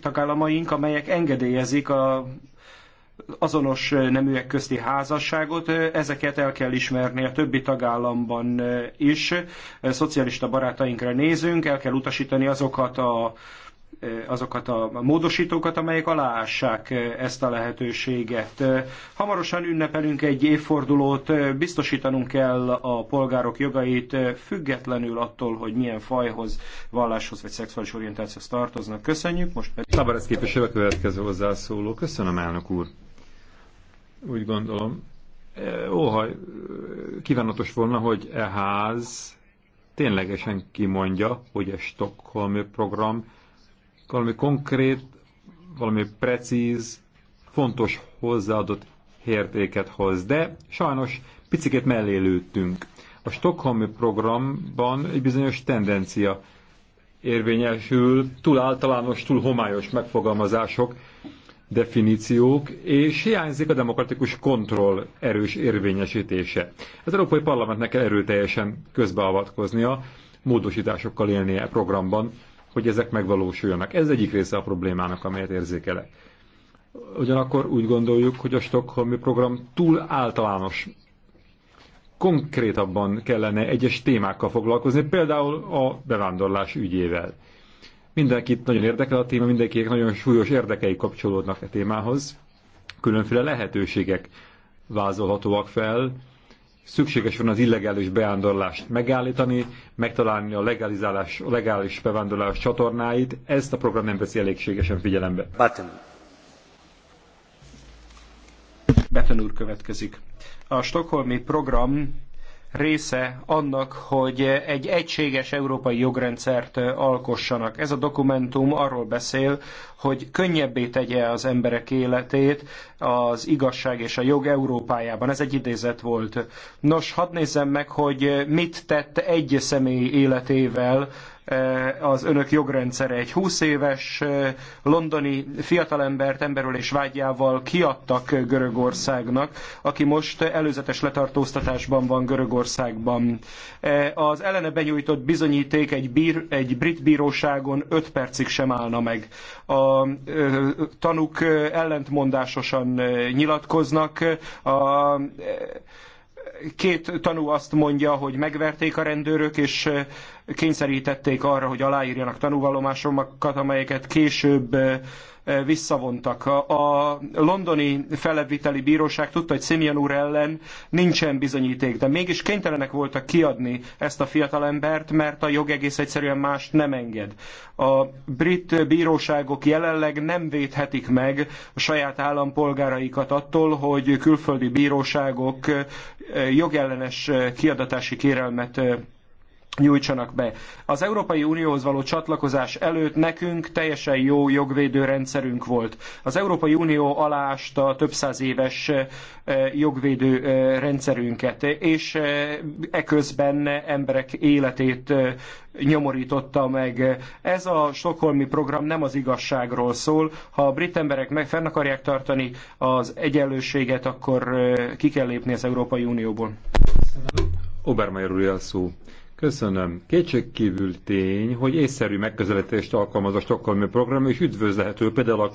Speaker 4: tagállamaink, amelyek engedélyezik a azonos eh, neműek közti házasságot, eh, ezeket el kell ismerni a többi tagállamban eh, is. Szocialista barátainkra nézünk, el kell utasítani azokat a azokat a módosítókat, amelyek aláássák ezt a lehetőséget. Hamarosan ünnepelünk egy évfordulót, biztosítanunk kell a polgárok jogait, függetlenül attól, hogy milyen fajhoz, valláshoz vagy szexuális orientációhoz tartoznak. Köszönjük,
Speaker 1: most pedig... Szabarec képviselő a következő hozzászóló. Köszönöm, elnök úr! úgy gondolom, óhaj, kívánatos volna, hogy e ház ténylegesen kimondja, hogy a Stockholmi program valami konkrét, valami precíz, fontos hozzáadott értéket hoz. De sajnos picikét mellélődtünk. A Stockholmi programban egy bizonyos tendencia érvényesül, túl általános, túl homályos megfogalmazások, definíciók, és hiányzik a demokratikus kontroll erős érvényesítése. Az Európai Parlamentnek kell erőteljesen közbeavatkoznia, módosításokkal élnie a programban, hogy ezek megvalósuljanak. Ez egyik része a problémának, amelyet érzékelek. Ugyanakkor úgy gondoljuk, hogy a Stockholmi program túl általános. Konkrétabban kellene egyes témákkal foglalkozni, például a bevándorlás ügyével. Mindenkit nagyon érdekel a téma, mindenkinek nagyon súlyos érdekei kapcsolódnak a e témához. Különféle lehetőségek vázolhatóak fel. Szükséges van az illegális beándorlást megállítani, megtalálni a, legalizálás, a legális bevándorlás csatornáit. Ezt a program nem veszi elégségesen figyelembe. Button. Betten úr
Speaker 4: következik. A Stockholmi program része annak, hogy egy egységes európai jogrendszert alkossanak. Ez a dokumentum arról beszél, hogy könnyebbé tegye az emberek életét az igazság és a jog Európájában. Ez egy idézet volt. Nos, hadd nézzem meg, hogy mit tett egy személy életével Eh, az önök jogrendszere. Egy 20 éves eh, londoni fiatalembert emberölés vágyával kiadtak eh, Görögországnak, aki most előzetes letartóztatásban van Görögországban. Az ellene benyújtott bizonyíték egy, bír, egy brit bíróságon 5 percig sem állna meg. A tanúk ellentmondásosan nyilatkoznak. A, két tanú azt mondja, hogy megverték a rendőrök, és kényszerítették arra, hogy aláírjanak tanúvallomásokat, amelyeket később eh, eh, visszavontak. A londoni felebbviteli bíróság tudta, hogy Simeon úr ellen nincsen bizonyíték, de mégis kénytelenek voltak kiadni ezt a fiatalembert, mert a jog egész egyszerűen mást nem enged. A brit bíróságok jelenleg nem védhetik meg a saját állampolgáraikat attól, hogy külföldi bíróságok eh, jogellenes kiadatási kérelmet nyújtsanak be. Az Európai Unióhoz való csatlakozás előtt nekünk teljesen jó jogvédő rendszerünk volt. Az Európai Unió alást a több száz éves eh, jogvédő rendszerünket, és eh, eközben emberek életét eh, nyomorította meg. Ez a stokholmi program nem az igazságról szól. Ha a brit emberek meg fenn akarják tartani az egyenlőséget, akkor ki kell lépni az Európai Unióból.
Speaker 1: Obermeyer úr, szó. Köszönöm. Kétségkívül tény, hogy észszerű megközelítést alkalmaz a Stockholmi program, és üdvözlehető például a,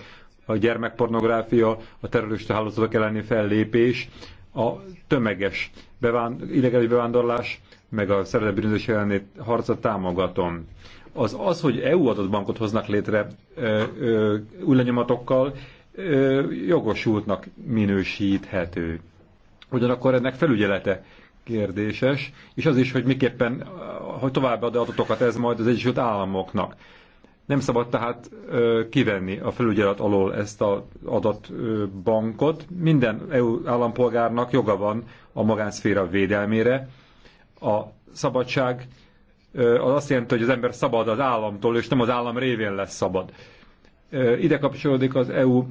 Speaker 1: a gyermekpornográfia, a terrorista hálózatok elleni fellépés, a tömeges bevánd, illegális bevándorlás, meg a szervezetbűnözés elleni harcot támogatom. Az az, hogy EU adatbankot hoznak létre ö, ö, új lenyomatokkal, ö, jogosultnak minősíthető. Ugyanakkor ennek felügyelete kérdéses, és az is, hogy miképpen, hogy továbbad adatokat ez majd az Egyesült Államoknak. Nem szabad tehát ö, kivenni a felügyelet alól ezt az adatbankot. Minden EU állampolgárnak joga van a magánszféra védelmére. A szabadság ö, az azt jelenti, hogy az ember szabad az államtól, és nem az állam révén lesz szabad. Ö, ide kapcsolódik az EU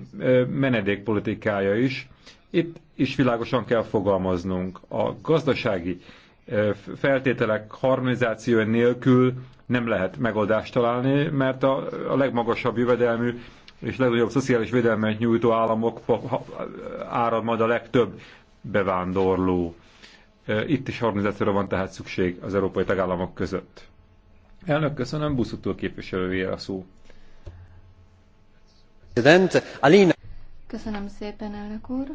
Speaker 1: menedékpolitikája is. Itt is világosan kell fogalmaznunk. A gazdasági feltételek harmonizációja nélkül nem lehet megoldást találni, mert a, a legmagasabb jövedelmű és legnagyobb szociális védelmet nyújtó államok árad majd a legtöbb bevándorló. Itt is harmonizációra van tehát szükség az európai tagállamok között. Elnök, köszönöm, buszútól képviselője a szó.
Speaker 3: Köszönöm szépen, elnök úr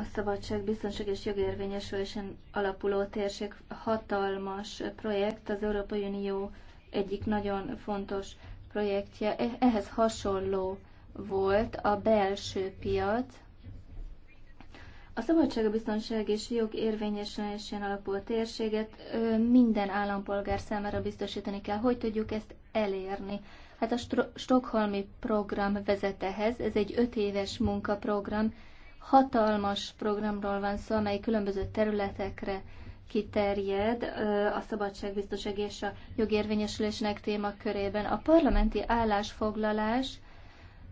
Speaker 3: a szabadság, biztonság és jogérvényesülésen alapuló térség hatalmas projekt, az Európai Unió egyik nagyon fontos projektje. Ehhez hasonló volt a belső piac. A szabadság, a biztonság és jog alapuló térséget minden állampolgár számára biztosítani kell. Hogy tudjuk ezt elérni? Hát a Stockholmi program vezetehez, ez egy öt éves munkaprogram, hatalmas programról van szó, amely különböző területekre kiterjed a szabadságbiztoság és a jogérvényesülésnek témakörében. A parlamenti állásfoglalás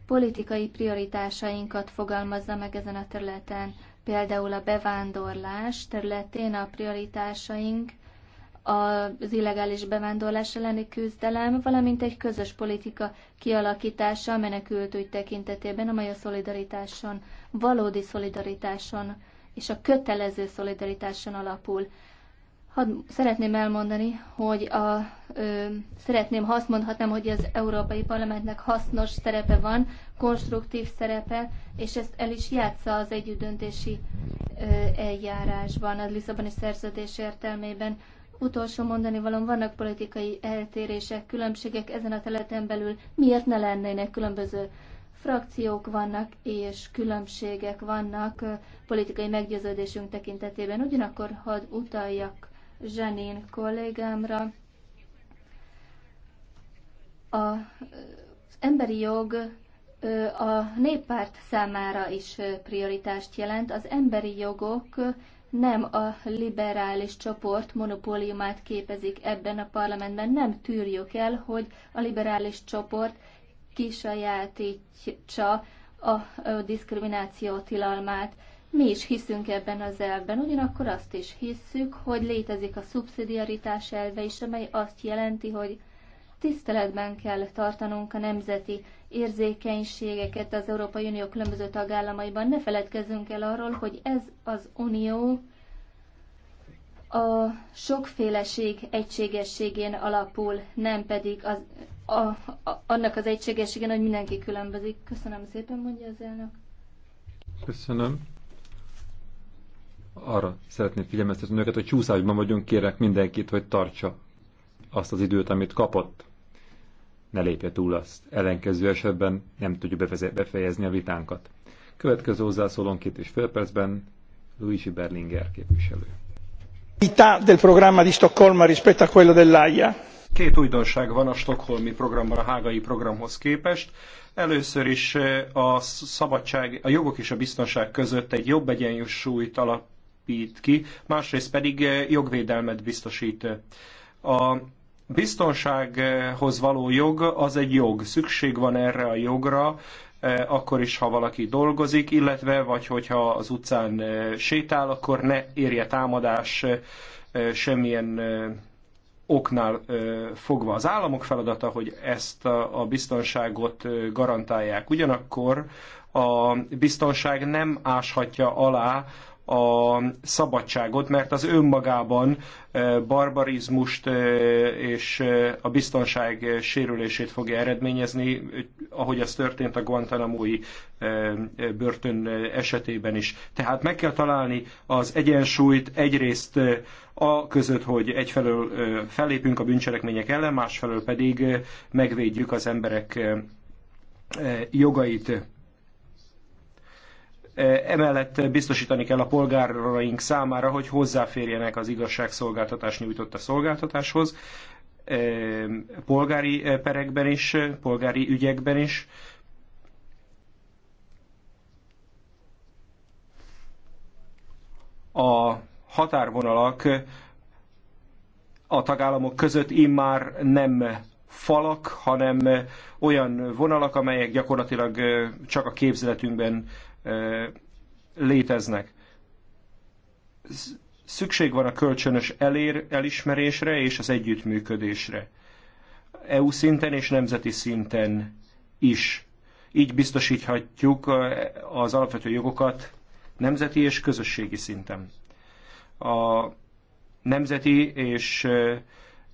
Speaker 3: politikai prioritásainkat fogalmazza meg ezen a területen. Például a bevándorlás területén a prioritásaink az illegális bevándorlás elleni küzdelem, valamint egy közös politika kialakítása a menekültügy tekintetében, amely a szolidaritáson valódi szolidaritáson és a kötelező szolidaritáson alapul. Hadd, szeretném elmondani, hogy a, ö, szeretném, ha azt mondhatnám, hogy az Európai Parlamentnek hasznos szerepe van, konstruktív szerepe, és ezt el is játsza az együttdöntési ö, eljárásban, a Lisszaboni szerződés értelmében. Utolsó mondani valam, vannak politikai eltérések, különbségek ezen a területen belül. Miért ne lennének különböző frakciók vannak és különbségek vannak politikai meggyőződésünk tekintetében. Ugyanakkor hadd utaljak Zsenin kollégámra. A, emberi jog a néppárt számára is prioritást jelent. Az emberi jogok nem a liberális csoport monopóliumát képezik ebben a parlamentben. Nem tűrjük el, hogy a liberális csoport kisajátítsa a diszkrimináció tilalmát. Mi is hiszünk ebben az elvben, ugyanakkor azt is hisszük, hogy létezik a szubszidiaritás elve is, amely azt jelenti, hogy tiszteletben kell tartanunk a nemzeti érzékenységeket az Európai Unió különböző tagállamaiban. Ne feledkezzünk el arról, hogy ez az unió a sokféleség egységességén alapul, nem pedig az a, a, annak az egységességen, hogy mindenki különbözik. Köszönöm szépen, mondja az elnök.
Speaker 1: Köszönöm. Arra szeretném figyelmeztetni őket, hogy csúszásban vagyunk, kérek mindenkit, hogy tartsa azt az időt, amit kapott. Ne lépje túl azt. Ellenkező esetben nem tudjuk befejezni a vitánkat. Következő hozzászólón két és fél percben Luigi Berlinger képviselő.
Speaker 6: Del programma
Speaker 3: di Stoccolma rispetto a quello dell'AIA
Speaker 1: Két újdonság van a Stockholmi programban a hágai
Speaker 4: programhoz képest. Először is eh, a szabadság, a jogok és a biztonság között egy jobb egyensúlyt alapít ki, másrészt pedig eh, jogvédelmet biztosít. A biztonsághoz való jog az egy jog. Szükség van erre a jogra, eh, akkor is, ha valaki dolgozik, illetve vagy hogyha az utcán sétál, akkor ne érje támadás semmilyen oknál fogva. Az államok feladata, hogy ezt a biztonságot garantálják. Ugyanakkor a biztonság nem áshatja alá a szabadságot, mert az önmagában e, barbarizmust e, és e, a biztonság sérülését fogja eredményezni, ahogy az történt a Guantanamo-i börtön esetében is. Tehát meg kell találni az egyensúlyt egyrészt a között, hogy egyfelől fellépünk a bűncselekmények ellen, másfelől pedig megvédjük az emberek jogait. E, emellett biztosítani kell a polgáraink számára, hogy hozzáférjenek az igazságszolgáltatás nyújtotta szolgáltatáshoz, e, polgári e, perekben is, polgári ügyekben is. A határvonalak a tagállamok között immár nem falak, hanem olyan vonalak, amelyek gyakorlatilag csak a képzeletünkben léteznek. Szükség van a kölcsönös elér, elismerésre és az együttműködésre. EU szinten és nemzeti szinten is. Így biztosíthatjuk az alapvető jogokat nemzeti és közösségi szinten. A nemzeti és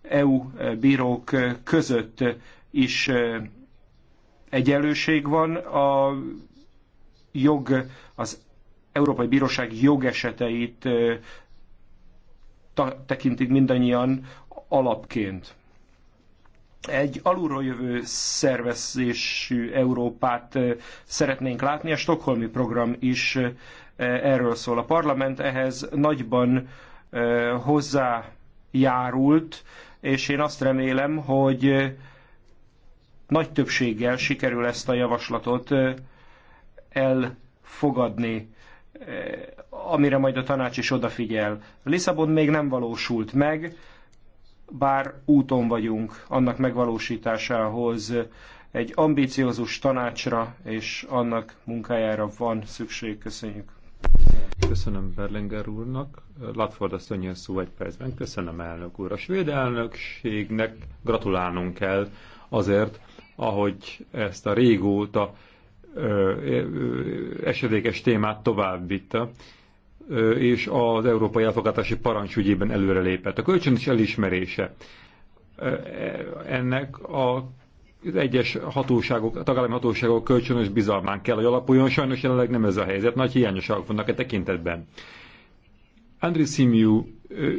Speaker 4: EU bírók között is egyenlőség van, a jog, az Európai Bíróság jogeseteit tekintik mindannyian alapként. Egy alulról jövő szervezésű Európát szeretnénk látni, a Stockholmi program is erről szól. A parlament ehhez nagyban hozzájárult, és én azt remélem, hogy nagy többséggel sikerül ezt a javaslatot elfogadni, eh, amire majd a tanács is odafigyel. Lisszabon még nem valósult meg, bár úton vagyunk annak megvalósításához,
Speaker 1: egy ambíciózus tanácsra és annak munkájára van szükség. Köszönjük. Köszönöm Berlinger úrnak. Latford asszony szó egy percben. Köszönöm elnök úr. A svéd elnökségnek gratulálnunk kell azért, ahogy ezt a régóta esedékes témát tovább vitte, és az európai elfogadási ügyében előrelépett. A kölcsönös elismerése e, ennek a az egyes hatóságok, tagállami hatóságok kölcsönös bizalmán kell, hogy alapuljon. Sajnos jelenleg nem ez a helyzet, nagy hiányosságok vannak e tekintetben. Andri Simiu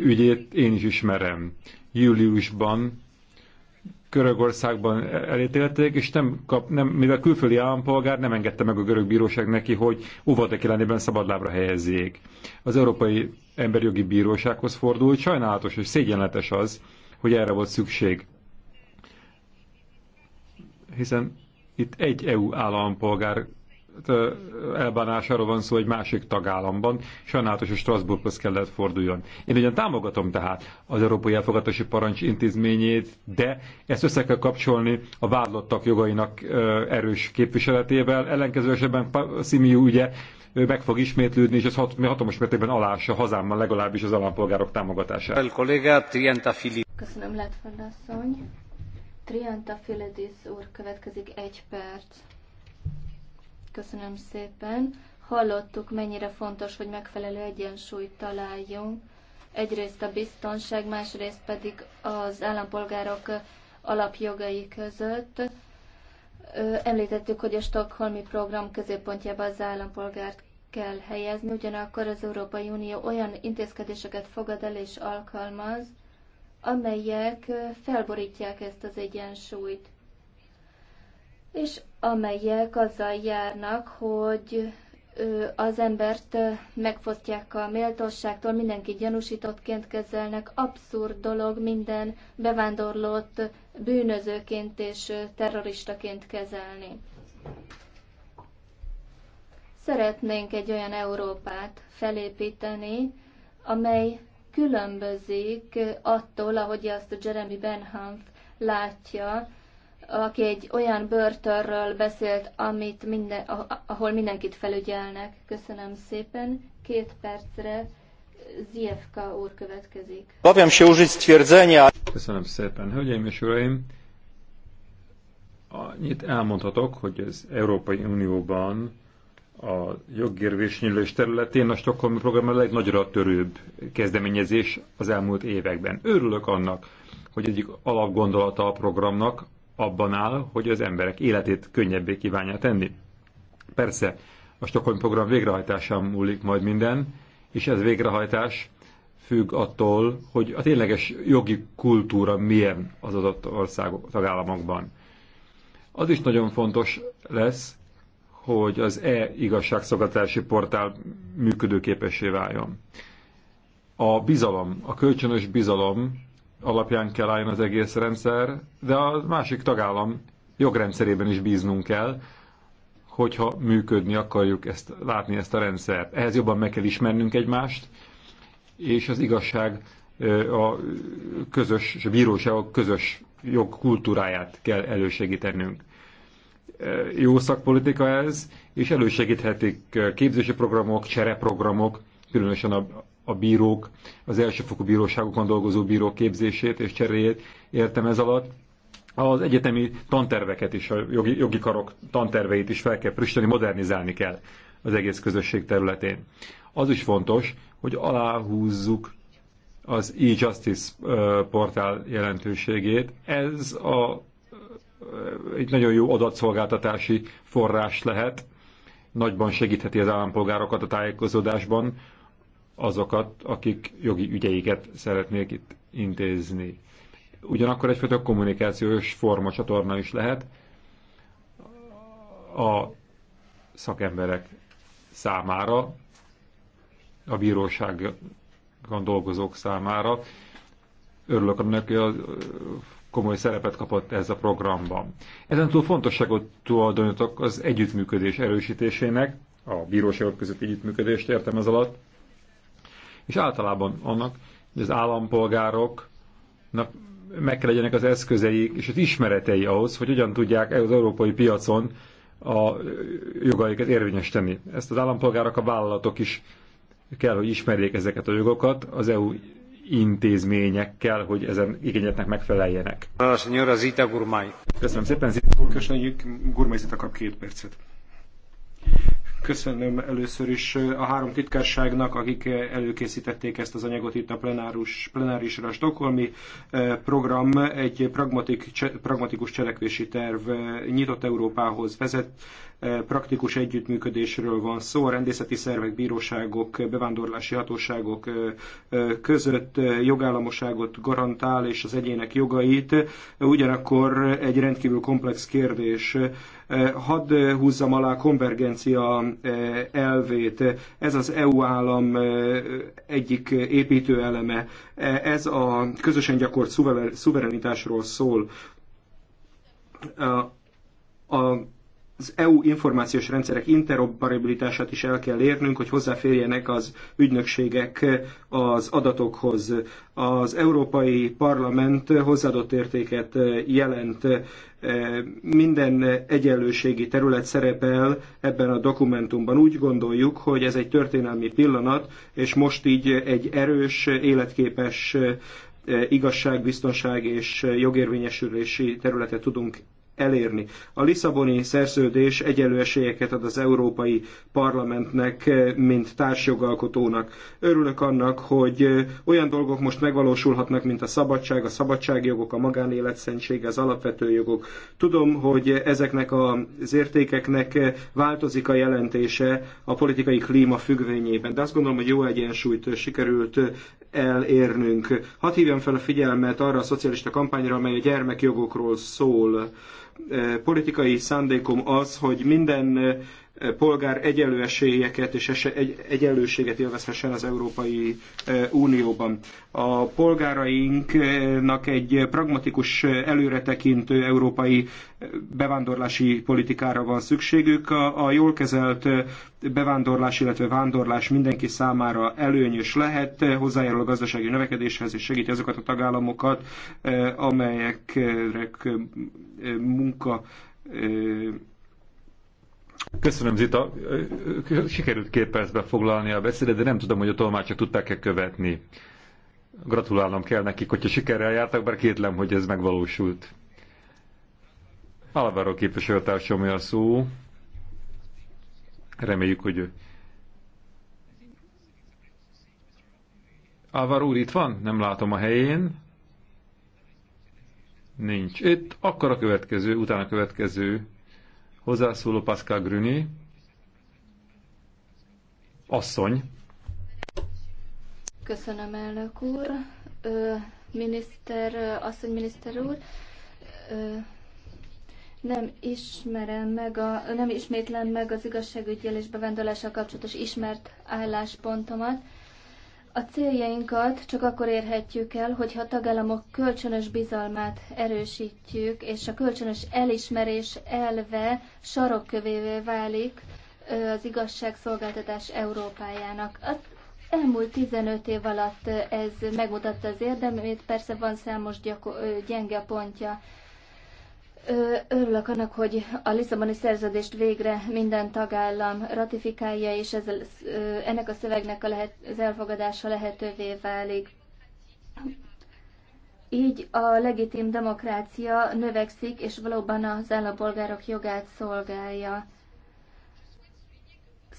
Speaker 1: ügyét én is ismerem. Júliusban Görögországban elítélték, és nem kap, nem, mivel külföldi állampolgár nem engedte meg a görög bíróság neki, hogy óvatek jelenében szabadlábra helyezzék. Az Európai Emberjogi Bírósághoz fordult, sajnálatos és szégyenletes az, hogy erre volt szükség. Hiszen itt egy EU állampolgár Hát, elbánásáról van szó egy másik tagállamban, sajnálatos, hogy Strasbourghoz kellett forduljon. Én ugyan támogatom tehát az Európai Elfogadási Parancs intézményét, de ezt össze kell kapcsolni a vádlottak jogainak erős képviseletével, ellenkező esetben Simiu ugye meg fog ismétlődni, és ez hat, hatalmas mértékben alássa hazámmal legalábbis az állampolgárok támogatását. Köszönöm,
Speaker 3: Letford Trianta Filedis úr következik egy perc. Köszönöm szépen. Hallottuk, mennyire fontos, hogy megfelelő egyensúlyt találjunk. Egyrészt a biztonság, másrészt pedig az állampolgárok alapjogai között. Említettük, hogy a Stockholmi program középpontjába az állampolgárt kell helyezni, ugyanakkor az Európai Unió olyan intézkedéseket fogad el és alkalmaz, amelyek felborítják ezt az egyensúlyt és amelyek azzal járnak, hogy az embert megfosztják a méltóságtól, mindenki gyanúsítottként kezelnek, abszurd dolog minden bevándorlót bűnözőként és terroristaként kezelni. Szeretnénk egy olyan Európát felépíteni, amely különbözik attól, ahogy azt Jeremy Benham látja, aki egy olyan börtönről beszélt, amit minden, ahol mindenkit felügyelnek. Köszönöm szépen. Két percre Zievka úr következik.
Speaker 1: Bawiam się użyć stwierdzenia. Köszönöm szépen. Hölgyeim és uraim, annyit elmondhatok, hogy az Európai Unióban a jogérvésnyílés területén a Stockholmi program a legnagyra törőbb kezdeményezés az elmúlt években. Örülök annak, hogy egyik alapgondolata a programnak abban áll, hogy az emberek életét könnyebbé kívánja tenni. Persze, a Stockholm program végrehajtásán múlik majd minden, és ez végrehajtás függ attól, hogy a tényleges jogi kultúra milyen az adott országok, tagállamokban. Az is nagyon fontos lesz, hogy az e-igazságszolgáltatási portál működőképessé váljon. A bizalom, a kölcsönös bizalom alapján kell álljon az egész rendszer, de a másik tagállam jogrendszerében is bíznunk kell, hogyha működni akarjuk ezt, látni ezt a rendszert. Ehhez jobban meg kell ismernünk egymást, és az igazság a közös, és a bíróságok közös jogkultúráját kell elősegítenünk. Jó szakpolitika ez, és elősegíthetik képzési programok, csereprogramok, különösen a, a bírók, az elsőfokú bíróságokon dolgozó bírók képzését és cseréjét értem ez alatt. Az egyetemi tanterveket is, a jogi, jogi karok tanterveit is fel kell frissíteni, modernizálni kell az egész közösség területén. Az is fontos, hogy aláhúzzuk az e-justice portál jelentőségét. Ez a, egy nagyon jó adatszolgáltatási forrás lehet, nagyban segítheti az állampolgárokat a tájékozódásban, azokat, akik jogi ügyeiket szeretnék itt intézni. Ugyanakkor egyfajta kommunikációs forma csatorna is lehet a szakemberek számára, a bíróságon dolgozók számára. Örülök annak, hogy a komoly szerepet kapott ez a programban. Ezen túl fontosságot tulajdonítok az együttműködés erősítésének, a bíróságok között együttműködést értem ez alatt, és általában annak, hogy az állampolgároknak meg kell legyenek az eszközeik és az ismeretei ahhoz, hogy hogyan tudják az európai piacon a jogaikat érvényesíteni. Ezt az állampolgárok, a vállalatok is kell, hogy ismerjék ezeket a jogokat, az EU intézményekkel, hogy ezen igényetnek megfeleljenek. A señora Zita Gurmai. Köszönöm szépen, Zita. Köszönjük,
Speaker 4: Gurmai Zita kap két percet. Köszönöm először is a három titkárságnak, akik előkészítették ezt az anyagot itt a plenáris plenárisra. A Stokholmi program egy pragmatik, pragmatikus cselekvési terv nyitott Európához vezet, praktikus együttműködésről van szó a rendészeti szervek, bíróságok, bevándorlási hatóságok között jogállamoságot garantál és az egyének jogait. Ugyanakkor egy rendkívül komplex kérdés hadd húzzam alá konvergencia elvét. Ez az EU állam egyik építőeleme. Ez a közösen gyakorolt szuverenitásról szól. A az EU információs rendszerek interoperabilitását is el kell érnünk, hogy hozzáférjenek az ügynökségek az adatokhoz. Az Európai Parlament hozzáadott értéket jelent. Minden egyenlőségi terület szerepel ebben a dokumentumban. Úgy gondoljuk, hogy ez egy történelmi pillanat, és most így egy erős, életképes igazság, biztonság és jogérvényesülési területet tudunk elérni. A Lisszaboni szerződés egyenlő esélyeket ad az Európai Parlamentnek, eh, mint társjogalkotónak. Örülök annak, hogy eh, olyan dolgok most megvalósulhatnak, mint a szabadság, a szabadságjogok, a magánélet szentsége, az alapvető jogok. Tudom, hogy ezeknek az értékeknek eh, változik a jelentése a politikai klíma függvényében, de azt gondolom, hogy jó egyensúlyt sikerült elérnünk. Hadd hívjam fel a figyelmet arra a szocialista kampányra, amely a gyermekjogokról szól Politikai szándékom az, hogy minden polgár egyenlő esélyeket és egy, egyenlőséget élvezhessen az Európai e, Unióban. A polgárainknak egy pragmatikus, e, előretekintő európai e, bevándorlási politikára van szükségük. A, a jól kezelt bevándorlás, illetve vándorlás mindenki számára előnyös lehet, hozzájárul a gazdasági növekedéshez és segíti azokat a tagállamokat, amelyek munka
Speaker 1: Köszönöm, Zita. Sikerült két percbe foglalni a beszédet, de nem tudom, hogy a tolmácsok tudták-e követni. Gratulálnom kell nekik, hogyha sikerrel jártak, bár kétlem, hogy ez megvalósult. Alvaro képviselőtársam a szó. Reméljük, hogy ő. Álvaro úr itt van? Nem látom a helyén. Nincs. Itt, akkor a következő, utána a következő Hozzászóló Pascal Grüni. Asszony.
Speaker 3: Köszönöm, elnök úr. Ö, miniszter, asszony miniszter úr. Ö, nem ismerem meg a, nem ismétlem meg az igazságügyi és bevándorlással kapcsolatos ismert álláspontomat. A céljainkat csak akkor érhetjük el, hogyha a tagállamok kölcsönös bizalmát erősítjük, és a kölcsönös elismerés elve sarokkövévé válik az igazságszolgáltatás Európájának. Az elmúlt 15 év alatt ez megmutatta az érdemét, persze van számos gyenge pontja. Örülök annak, hogy a Lisszaboni szerződést végre minden tagállam ratifikálja, és ez, ennek a szövegnek a lehet, az elfogadása lehetővé válik. Így a legitim demokrácia növekszik, és valóban az állampolgárok jogát szolgálja.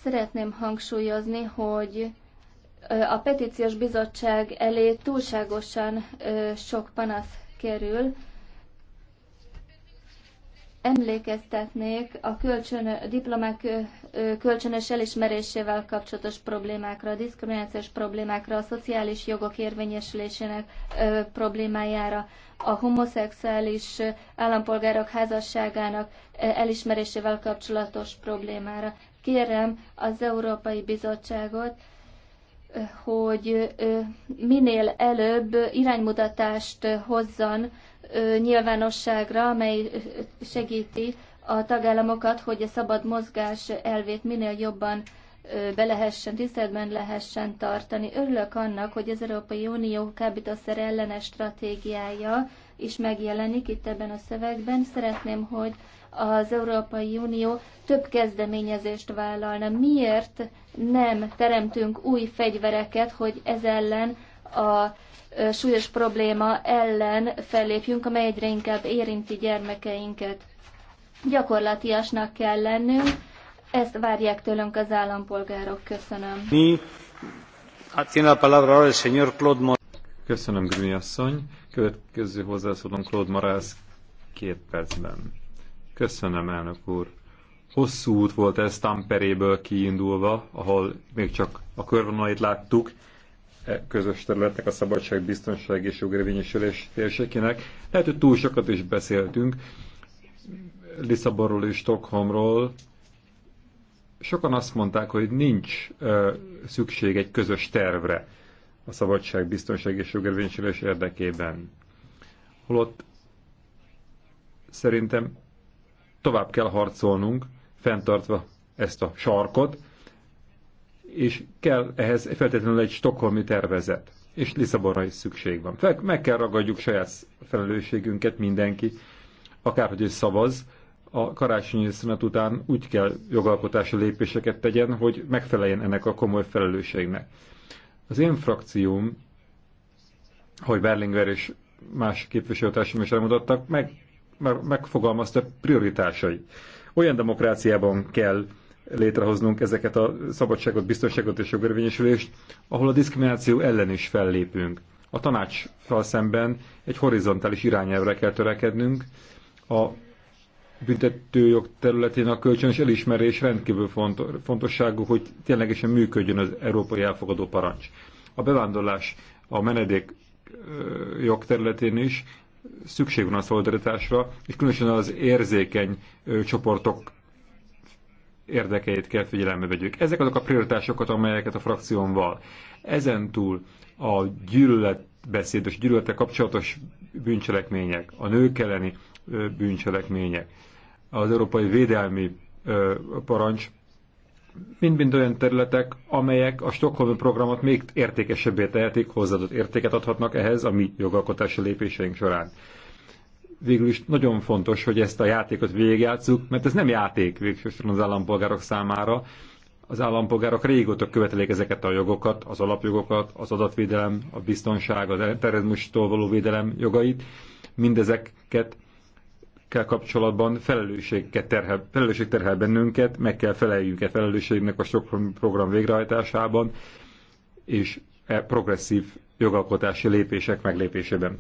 Speaker 3: Szeretném hangsúlyozni, hogy a petíciós bizottság elé túlságosan sok panasz kerül, emlékeztetnék a kölcsön, a diplomák kölcsönös elismerésével kapcsolatos problémákra, a diszkriminációs problémákra, a szociális jogok érvényesülésének problémájára, a homoszexuális állampolgárok házasságának elismerésével kapcsolatos problémára. Kérem az Európai Bizottságot, hogy minél előbb iránymutatást hozzon nyilvánosságra, amely segíti a tagállamokat, hogy a szabad mozgás elvét minél jobban be lehessen, tiszteletben lehessen tartani. Örülök annak, hogy az Európai Unió kábítószer ellenes stratégiája is megjelenik itt ebben a szövegben. Szeretném, hogy az Európai Unió több kezdeményezést vállalna. Miért nem teremtünk új fegyvereket, hogy ez ellen a súlyos probléma ellen fellépjünk, amely egyre inkább érinti gyermekeinket. Gyakorlatiasnak kell lennünk, ezt várják tőlünk az állampolgárok. Köszönöm.
Speaker 1: Mi? a hát la palabra ahora el señor Claude Moraes. Köszönöm, Grüni asszony. Következő hozzászólom Claude Marász két percben. Köszönöm, elnök úr. Hosszú út volt ez Tamperéből kiindulva, ahol még csak a körvonalait láttuk, E közös területnek, a szabadság, biztonság és jogérvényesülés térségének. Lehet, hogy túl sokat is beszéltünk Lisszabonról és Stockholmról. Sokan azt mondták, hogy nincs ö, e, szükség egy közös tervre a szabadság, biztonság és jogérvényesülés érdekében. Holott szerintem tovább kell harcolnunk, fenntartva ezt a sarkot, és kell ehhez feltétlenül egy stokholmi tervezet, és Lisszabonra is szükség van. Fel, meg kell ragadjuk saját felelősségünket mindenki, hogy is szavaz, a karácsonyi szünet után úgy kell jogalkotási lépéseket tegyen, hogy megfeleljen ennek a komoly felelősségnek. Az én frakcióm, hogy Berlinger és más képviselőtársaim is elmondottak, meg, meg, megfogalmazta prioritásai. Olyan demokráciában kell létrehoznunk ezeket a szabadságot, biztonságot és jogörvényesülést, ahol a diszkrimináció ellen is fellépünk. A tanács szemben egy horizontális irányelvre kell törekednünk. A büntetőjog területén a kölcsönös elismerés rendkívül fontosságú, hogy ténylegesen működjön az európai elfogadó parancs. A bevándorlás a menedék jog területén is szükség van a szolidaritásra, és különösen az érzékeny csoportok érdekeit kell figyelembe vegyük. Ezek azok a prioritásokat, amelyeket a val. Ezen túl a gyűlöletbeszédos, gyűlölete kapcsolatos bűncselekmények, a nők elleni bűncselekmények, az európai védelmi parancs, mind-mind olyan területek, amelyek a Stockholm programot még értékesebbé tehetik, hozzáadott értéket adhatnak ehhez a mi jogalkotási lépéseink során végül is nagyon fontos, hogy ezt a játékot végigjátszuk, mert ez nem játék végsősorban az állampolgárok számára. Az állampolgárok régóta követelik ezeket a jogokat, az alapjogokat, az adatvédelem, a biztonság, a terrorizmustól való védelem jogait. Mindezeket kell kapcsolatban felelősséget terhel, felelősség terhel bennünket, meg kell feleljünk e felelősségnek a sok program végrehajtásában, és e progresszív jogalkotási lépések meglépésében.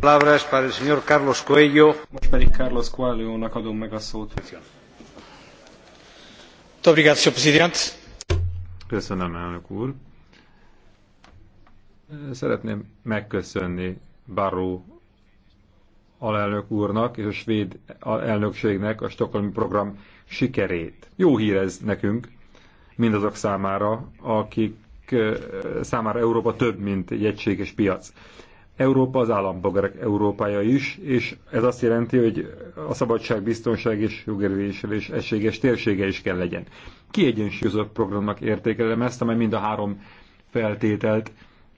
Speaker 4: Most pedig Carlos Coelho-nak adom meg a szót.
Speaker 1: Köszönöm, elnök úr. Szeretném megköszönni Barró alelnök úrnak és a svéd elnökségnek a Stockholmi program sikerét. Jó hír ez nekünk, mindazok számára, akik számára Európa több, mint egy egységes piac. Európa az állampolgárok Európája is, és ez azt jelenti, hogy a szabadság, biztonság és és egységes térsége is kell legyen. Kiegyensúlyozott programnak értékelem ezt, amely mind a három feltételt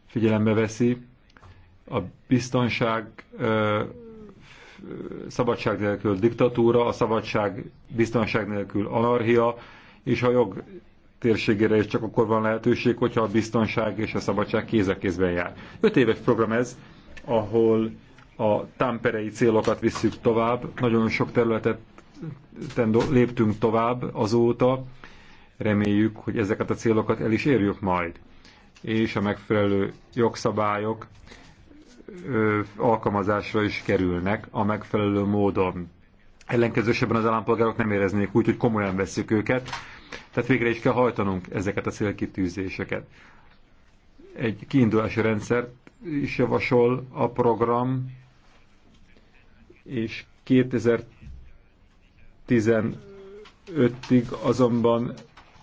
Speaker 1: figyelembe veszi. A biztonság szabadság nélkül diktatúra, a szabadság biztonság nélkül anarchia, és a jog térségére is csak akkor van lehetőség, hogyha a biztonság és a szabadság kéz a kézben jár. Öt éves program ez, ahol a támperei célokat visszük tovább, nagyon sok területet léptünk tovább azóta, reméljük, hogy ezeket a célokat el is érjük majd, és a megfelelő jogszabályok ö, alkalmazásra is kerülnek a megfelelő módon. Ellenkezősebben az állampolgárok nem éreznék úgy, hogy komolyan veszük őket, tehát végre is kell hajtanunk ezeket a célkitűzéseket. Egy kiindulási rendszert is javasol a program, és 2015-ig azonban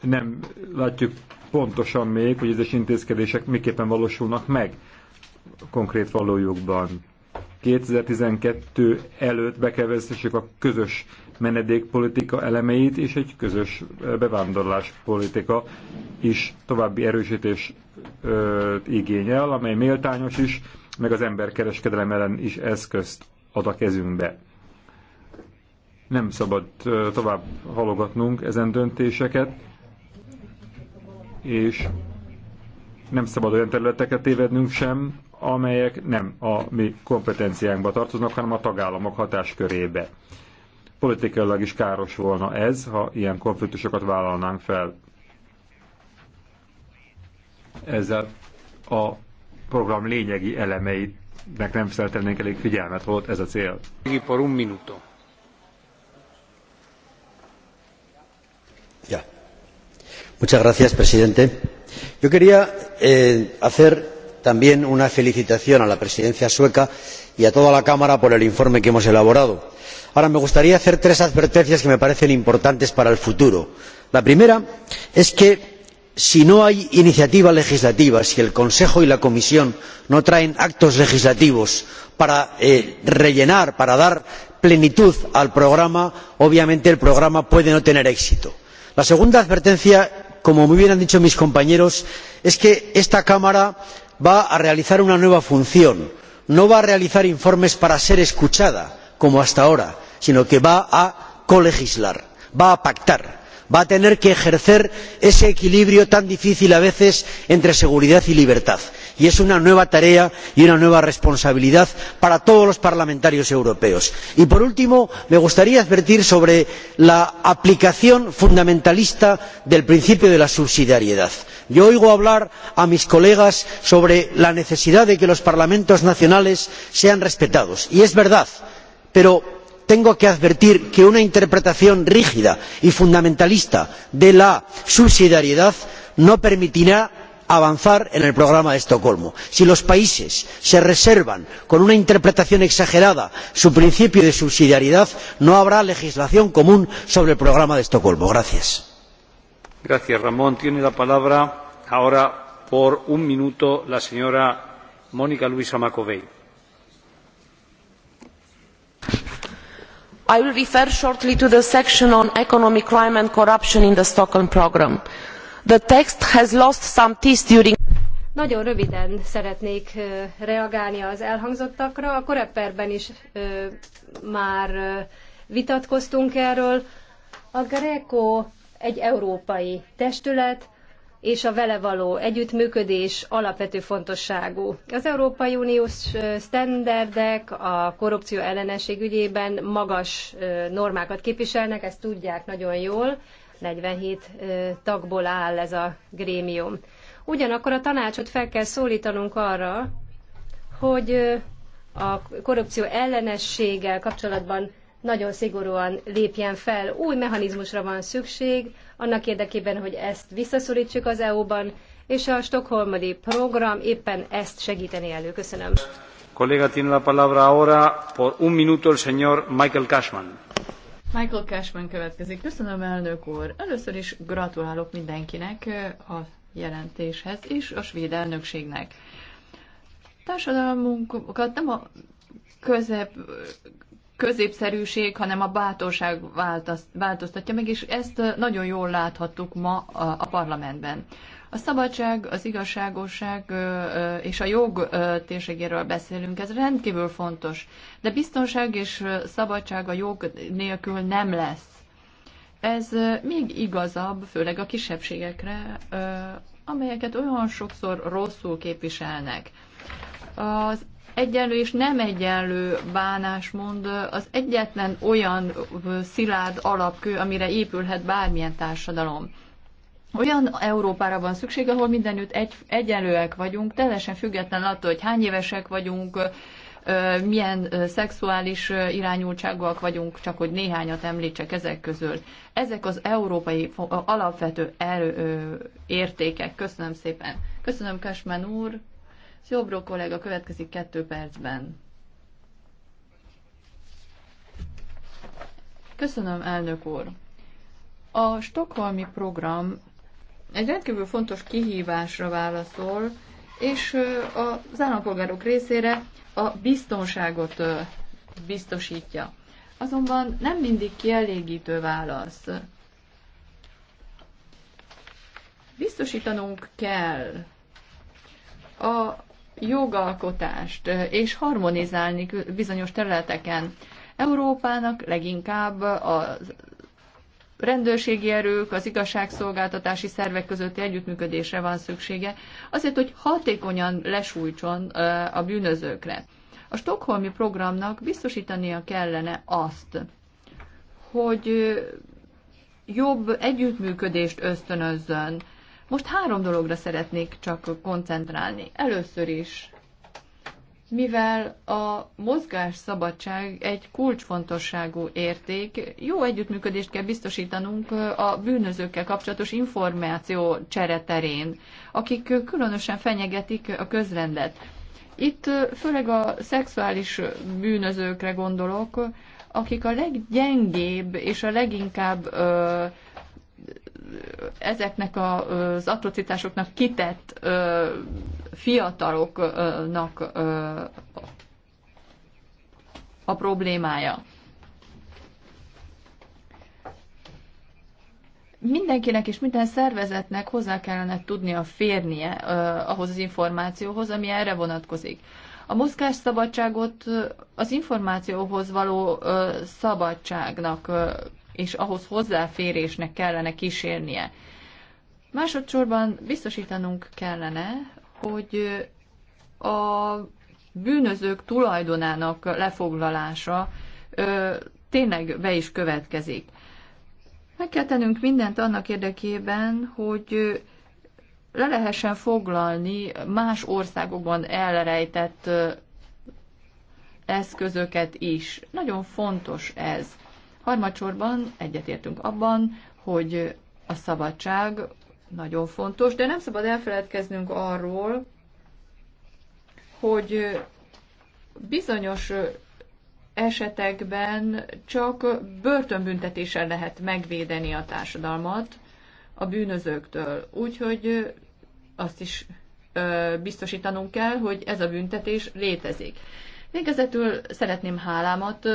Speaker 1: nem látjuk pontosan még, hogy ezes intézkedések miképpen valósulnak meg konkrét valójukban. 2012 előtt bekevezhessük a közös menedékpolitika elemeit és egy közös bevándorláspolitika is további erősítés igényel, amely méltányos is, meg az emberkereskedelem ellen is eszközt ad a kezünkbe. Nem szabad tovább halogatnunk ezen döntéseket, és nem szabad olyan területeket tévednünk sem, amelyek nem a mi kompetenciánkba tartoznak, hanem a tagállamok hatáskörébe. Politikailag is káros volna ez, ha ilyen konfliktusokat vállalnánk fel. Ezzel a program lényegi elemeinek nem szeretnénk elég figyelmet, volt ez a cél. Por un minuto.
Speaker 2: Ja. Muchas gracias, presidente. Yo quería eh, hacer también una felicitación a la presidencia sueca y a toda la cámara por el informe que hemos elaborado. ahora me gustaría hacer tres advertencias que me parecen importantes para el futuro. la primera es que si no hay iniciativa legislativa si el consejo y la comisión no traen actos legislativos para eh, rellenar para dar plenitud al programa obviamente el programa puede no tener éxito. la segunda advertencia como muy bien han dicho mis compañeros es que esta cámara va a realizar una nueva función no va a realizar informes para ser escuchada como hasta ahora sino que va a colegislar va a pactar va a tener que ejercer ese equilibrio tan difícil a veces entre seguridad y libertad y es una nueva tarea y una nueva responsabilidad para todos los parlamentarios europeos. y por último me gustaría advertir sobre la aplicación fundamentalista del principio de la subsidiariedad. yo oigo hablar a mis colegas sobre la necesidad de que los parlamentos nacionales sean respetados y es verdad pero tengo que advertir que una interpretación rígida y fundamentalista de la subsidiariedad no permitirá avanzar en el programa de estocolmo. si los países se reservan con una interpretación exagerada su principio de subsidiariedad no habrá legislación común sobre el programa de estocolmo
Speaker 6: i will refer shortly to the section on economic crime and corruption in the stockholm programme. the text has lost some teeth during
Speaker 5: nagyon röviden szeretnék reagálni az elhangzottakra. A koreperben is már vitatkoztunk erről. A Greco egy európai testület, és a vele való együttműködés alapvető fontosságú. Az Európai Uniós sztenderdek a korrupció ellenesség ügyében magas normákat képviselnek, ezt tudják nagyon jól, 47 tagból áll ez a grémium. Ugyanakkor a tanácsot fel kell szólítanunk arra, hogy a korrupció ellenességgel kapcsolatban nagyon szigorúan lépjen fel. Új mechanizmusra van szükség, annak érdekében, hogy ezt visszaszorítsuk az EU-ban, és a stokholmadi program éppen ezt segíteni elő. Köszönöm.
Speaker 2: Kolléga tiene la palabra
Speaker 4: ahora por un minuto el señor Michael Cashman.
Speaker 5: Michael Cashman következik. Köszönöm,
Speaker 7: elnök úr. Először is gratulálok mindenkinek eh, a jelentéshez és a svéd elnökségnek. Társadalmunkat nem a közep középszerűség, hanem a bátorság változtatja meg, és ezt nagyon jól láthattuk ma a parlamentben. A szabadság, az igazságosság és a jog térségéről beszélünk, ez rendkívül fontos, de biztonság és szabadság a jog nélkül nem lesz. Ez még igazabb, főleg a kisebbségekre, amelyeket olyan sokszor rosszul képviselnek. Az egyenlő és nem egyenlő bánásmond az egyetlen olyan szilárd alapkő, amire épülhet bármilyen társadalom. Olyan Európára van szükség, ahol mindenütt egy, egyenlőek vagyunk, teljesen független attól, hogy hány évesek vagyunk, milyen szexuális irányultságúak vagyunk, csak hogy néhányat említsek ezek közül. Ezek az európai alapvető erő, értékek. Köszönöm szépen. Köszönöm, Kasmen úr. Szóbró kollega következik kettő percben. Köszönöm, elnök úr. A stokholmi program egy rendkívül fontos kihívásra válaszol, és az állampolgárok részére a biztonságot biztosítja. Azonban nem mindig kielégítő válasz. Biztosítanunk kell a jogalkotást, és harmonizálni bizonyos területeken. Európának leginkább a rendőrségi erők, az igazságszolgáltatási szervek közötti együttműködésre van szüksége, azért, hogy hatékonyan lesújtson a bűnözőkre. A Stockholmi programnak biztosítania kellene azt, hogy jobb együttműködést ösztönözzön most három dologra szeretnék csak koncentrálni. Először is, mivel a mozgás szabadság egy kulcsfontosságú érték, jó együttműködést kell biztosítanunk a bűnözőkkel kapcsolatos információ csereterén, akik különösen fenyegetik a közrendet. Itt főleg a szexuális bűnözőkre gondolok, akik a leggyengébb és a leginkább ezeknek az atrocitásoknak kitett fiataloknak a problémája. mindenkinek és minden szervezetnek hozzá kellene tudnia férnie ahhoz az információhoz, ami erre vonatkozik. A mozgásszabadságot az információhoz való szabadságnak és ahhoz hozzáférésnek kellene kísérnie. Másodszorban biztosítanunk kellene, hogy a bűnözők tulajdonának lefoglalása ö, tényleg be is következik. Meg kell tennünk mindent annak érdekében, hogy le lehessen foglalni más országokban elrejtett eszközöket is. Nagyon fontos ez. Harmadsorban egyetértünk abban, hogy a szabadság nagyon fontos, de nem szabad elfeledkeznünk arról, hogy bizonyos esetekben csak börtönbüntetéssel lehet megvédeni a társadalmat a bűnözőktől. Úgyhogy azt is biztosítanunk kell, hogy ez a büntetés létezik. Végezetül szeretném hálámat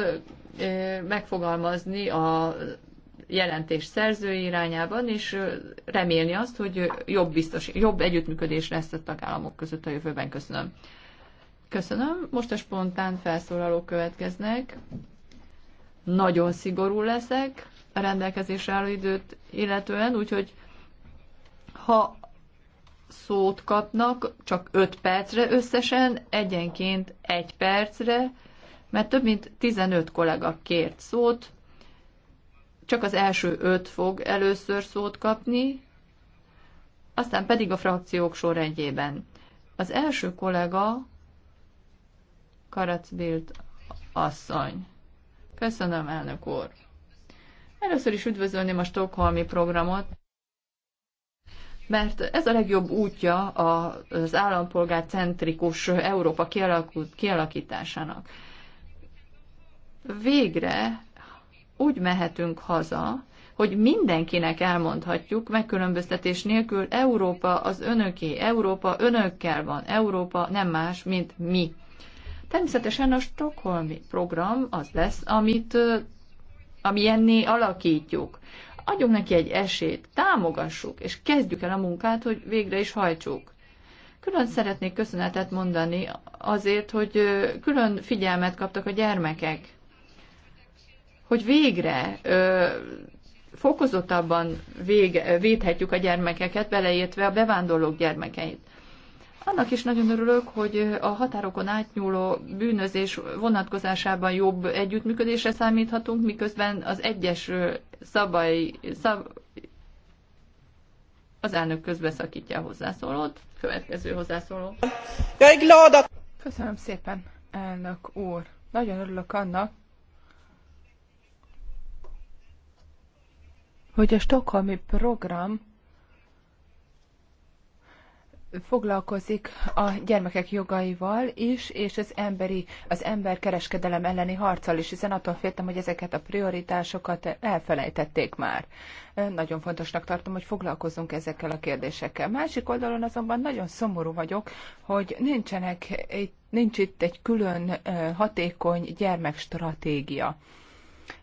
Speaker 7: megfogalmazni a jelentés szerző irányában, és remélni azt, hogy jobb, biztos, jobb együttműködés lesz a tagállamok között a jövőben. Köszönöm. Köszönöm. Most a spontán felszólalók következnek. Nagyon szigorú leszek a rendelkezésre álló időt illetően, úgyhogy ha szót kapnak, csak 5 percre összesen, egyenként 1 percre, mert több mint 15 kollega kért szót, csak az első öt fog először szót kapni, aztán pedig a frakciók sorrendjében. Az első kollega Karacbilt asszony. Köszönöm, elnök úr. Először is üdvözölném a Stockholmi programot, mert ez a legjobb útja az állampolgár centrikus Európa kialakításának végre úgy mehetünk haza, hogy mindenkinek elmondhatjuk megkülönböztetés nélkül, Európa az önöké, Európa önökkel van, Európa nem más, mint mi. Természetesen a Stockholmi program az lesz, amit, ami enné alakítjuk. Adjunk neki egy esélyt, támogassuk, és kezdjük el a munkát, hogy végre is hajtsuk. Külön szeretnék köszönetet mondani azért, hogy külön figyelmet kaptak a gyermekek hogy végre ö, fokozottabban vége, védhetjük a gyermekeket, beleértve a bevándorlók gyermekeit. Annak is nagyon örülök, hogy a határokon átnyúló bűnözés vonatkozásában jobb együttműködésre számíthatunk, miközben az egyes szabály, szab... az elnök közbeszakítja a hozzászólót. Következő hozzászóló.
Speaker 6: Köszönöm szépen, elnök úr. Nagyon örülök annak, hogy a stokholmi program foglalkozik a gyermekek jogaival is, és az emberi, az ember kereskedelem elleni harccal is, hiszen attól féltem, hogy ezeket a prioritásokat elfelejtették már. Nagyon fontosnak tartom, hogy foglalkozzunk ezekkel a kérdésekkel. Másik oldalon azonban nagyon szomorú vagyok, hogy nincsenek, nincs itt egy külön hatékony gyermekstratégia.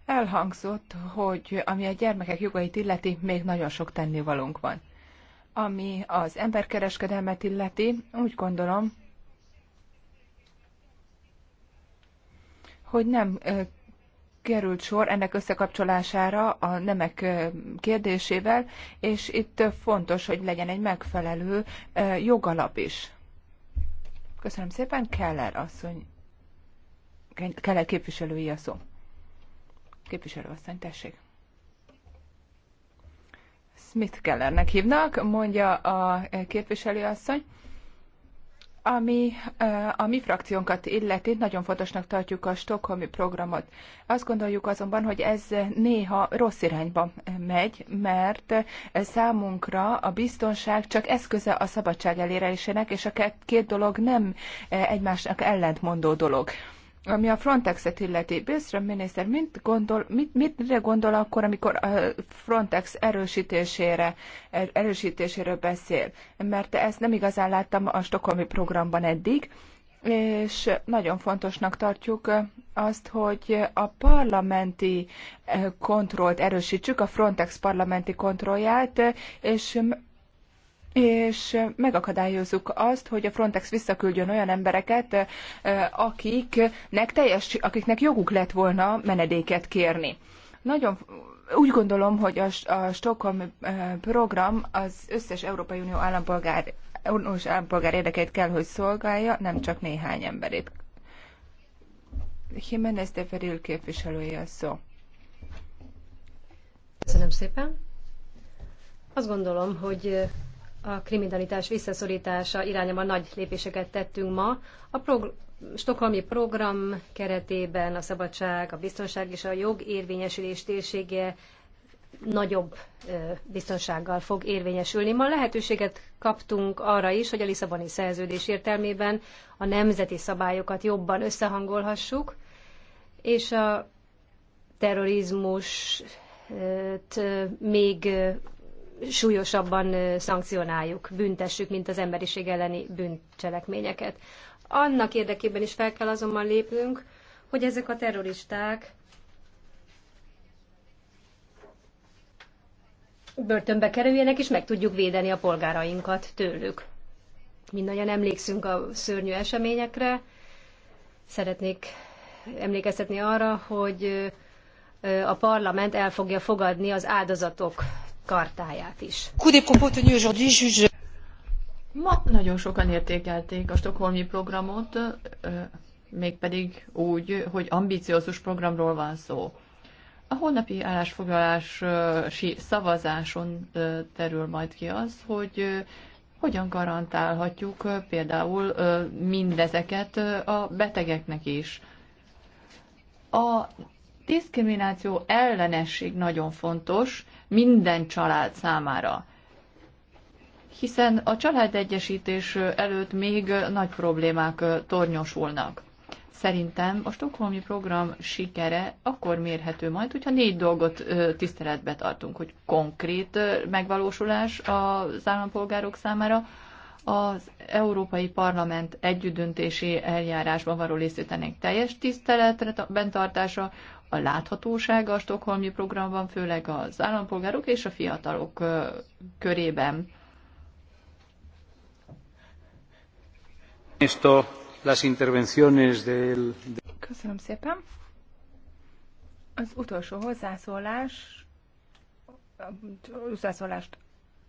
Speaker 6: Elhangzott, hogy ami a gyermekek jogait illeti, még nagyon sok tennivalónk van. Ami az emberkereskedelmet illeti, úgy gondolom, hogy nem került sor ennek összekapcsolására a nemek kérdésével, és itt fontos, hogy legyen egy megfelelő jogalap is. Köszönöm szépen, Keller asszony, Keller képviselői a szó. Képviselőasszony, tessék. Smith Kellernek hívnak, mondja a képviselőasszony. Ami eh, a mi frakciónkat illeti, nagyon fontosnak tartjuk a stokholmi programot. Azt gondoljuk azonban, hogy ez néha rossz irányba megy, mert számunkra a biztonság csak eszköze a szabadság elérésének, és a két dolog nem eh, egymásnak ellentmondó dolog. Ami a Frontex-et illeti, Bőszröm miniszter, mit gondol, mit, mire gondol akkor, amikor a Frontex erősítésére, er-, erősítéséről beszél? Mert ezt nem igazán láttam a stokholmi programban eddig, és nagyon fontosnak tartjuk azt, hogy a parlamenti eh, kontrollt erősítsük, a Frontex parlamenti kontrollját, és és megakadályozzuk azt, hogy a Frontex visszaküldjön olyan embereket, akiknek, teljes, akiknek joguk lett volna menedéket kérni. Nagyon úgy gondolom, hogy a, a Stockholm program az összes Európai Unió állampolgár, uniós állampolgár érdekeit kell, hogy szolgálja, nem csak néhány emberét.
Speaker 5: Jiménez de Feril képviselője a szó. Köszönöm szépen. Azt gondolom, hogy a kriminalitás visszaszorítása irányában nagy lépéseket tettünk ma. A prog- Stokholmi program keretében a szabadság, a biztonság és a jog érvényesülés térsége nagyobb biztonsággal fog érvényesülni. Ma lehetőséget kaptunk arra is, hogy a Lisszaboni szerződés értelmében a nemzeti szabályokat jobban összehangolhassuk, és a terrorizmus még súlyosabban szankcionáljuk, büntessük, mint az emberiség elleni bűncselekményeket. Annak érdekében is fel kell azonban lépnünk, hogy ezek a terroristák börtönbe kerüljenek, és meg tudjuk védeni a polgárainkat tőlük. Mindannyian emlékszünk a szörnyű eseményekre. Szeretnék emlékeztetni arra, hogy a parlament el fogja fogadni az áldozatok kartáját is.
Speaker 7: Ma nagyon sokan értékelték a stokholmi programot, mégpedig úgy, hogy ambiciózus programról van szó. A holnapi állásfoglalási szavazáson terül majd ki az, hogy hogyan garantálhatjuk például mindezeket a betegeknek is. A diszkrimináció ellenesség nagyon fontos minden család számára. Hiszen a családegyesítés előtt még nagy problémák tornyosulnak. Szerintem a Stockholmi program sikere akkor mérhető majd, hogyha négy dolgot tiszteletbe tartunk, hogy konkrét megvalósulás az állampolgárok számára, az Európai Parlament együttdöntési eljárásban való részvételének teljes tiszteletre bentartása, a láthatóság a stokholmi programban, főleg az állampolgárok és a fiatalok körében. Köszönöm szépen.
Speaker 6: Az utolsó hozzászólás, hozzászólást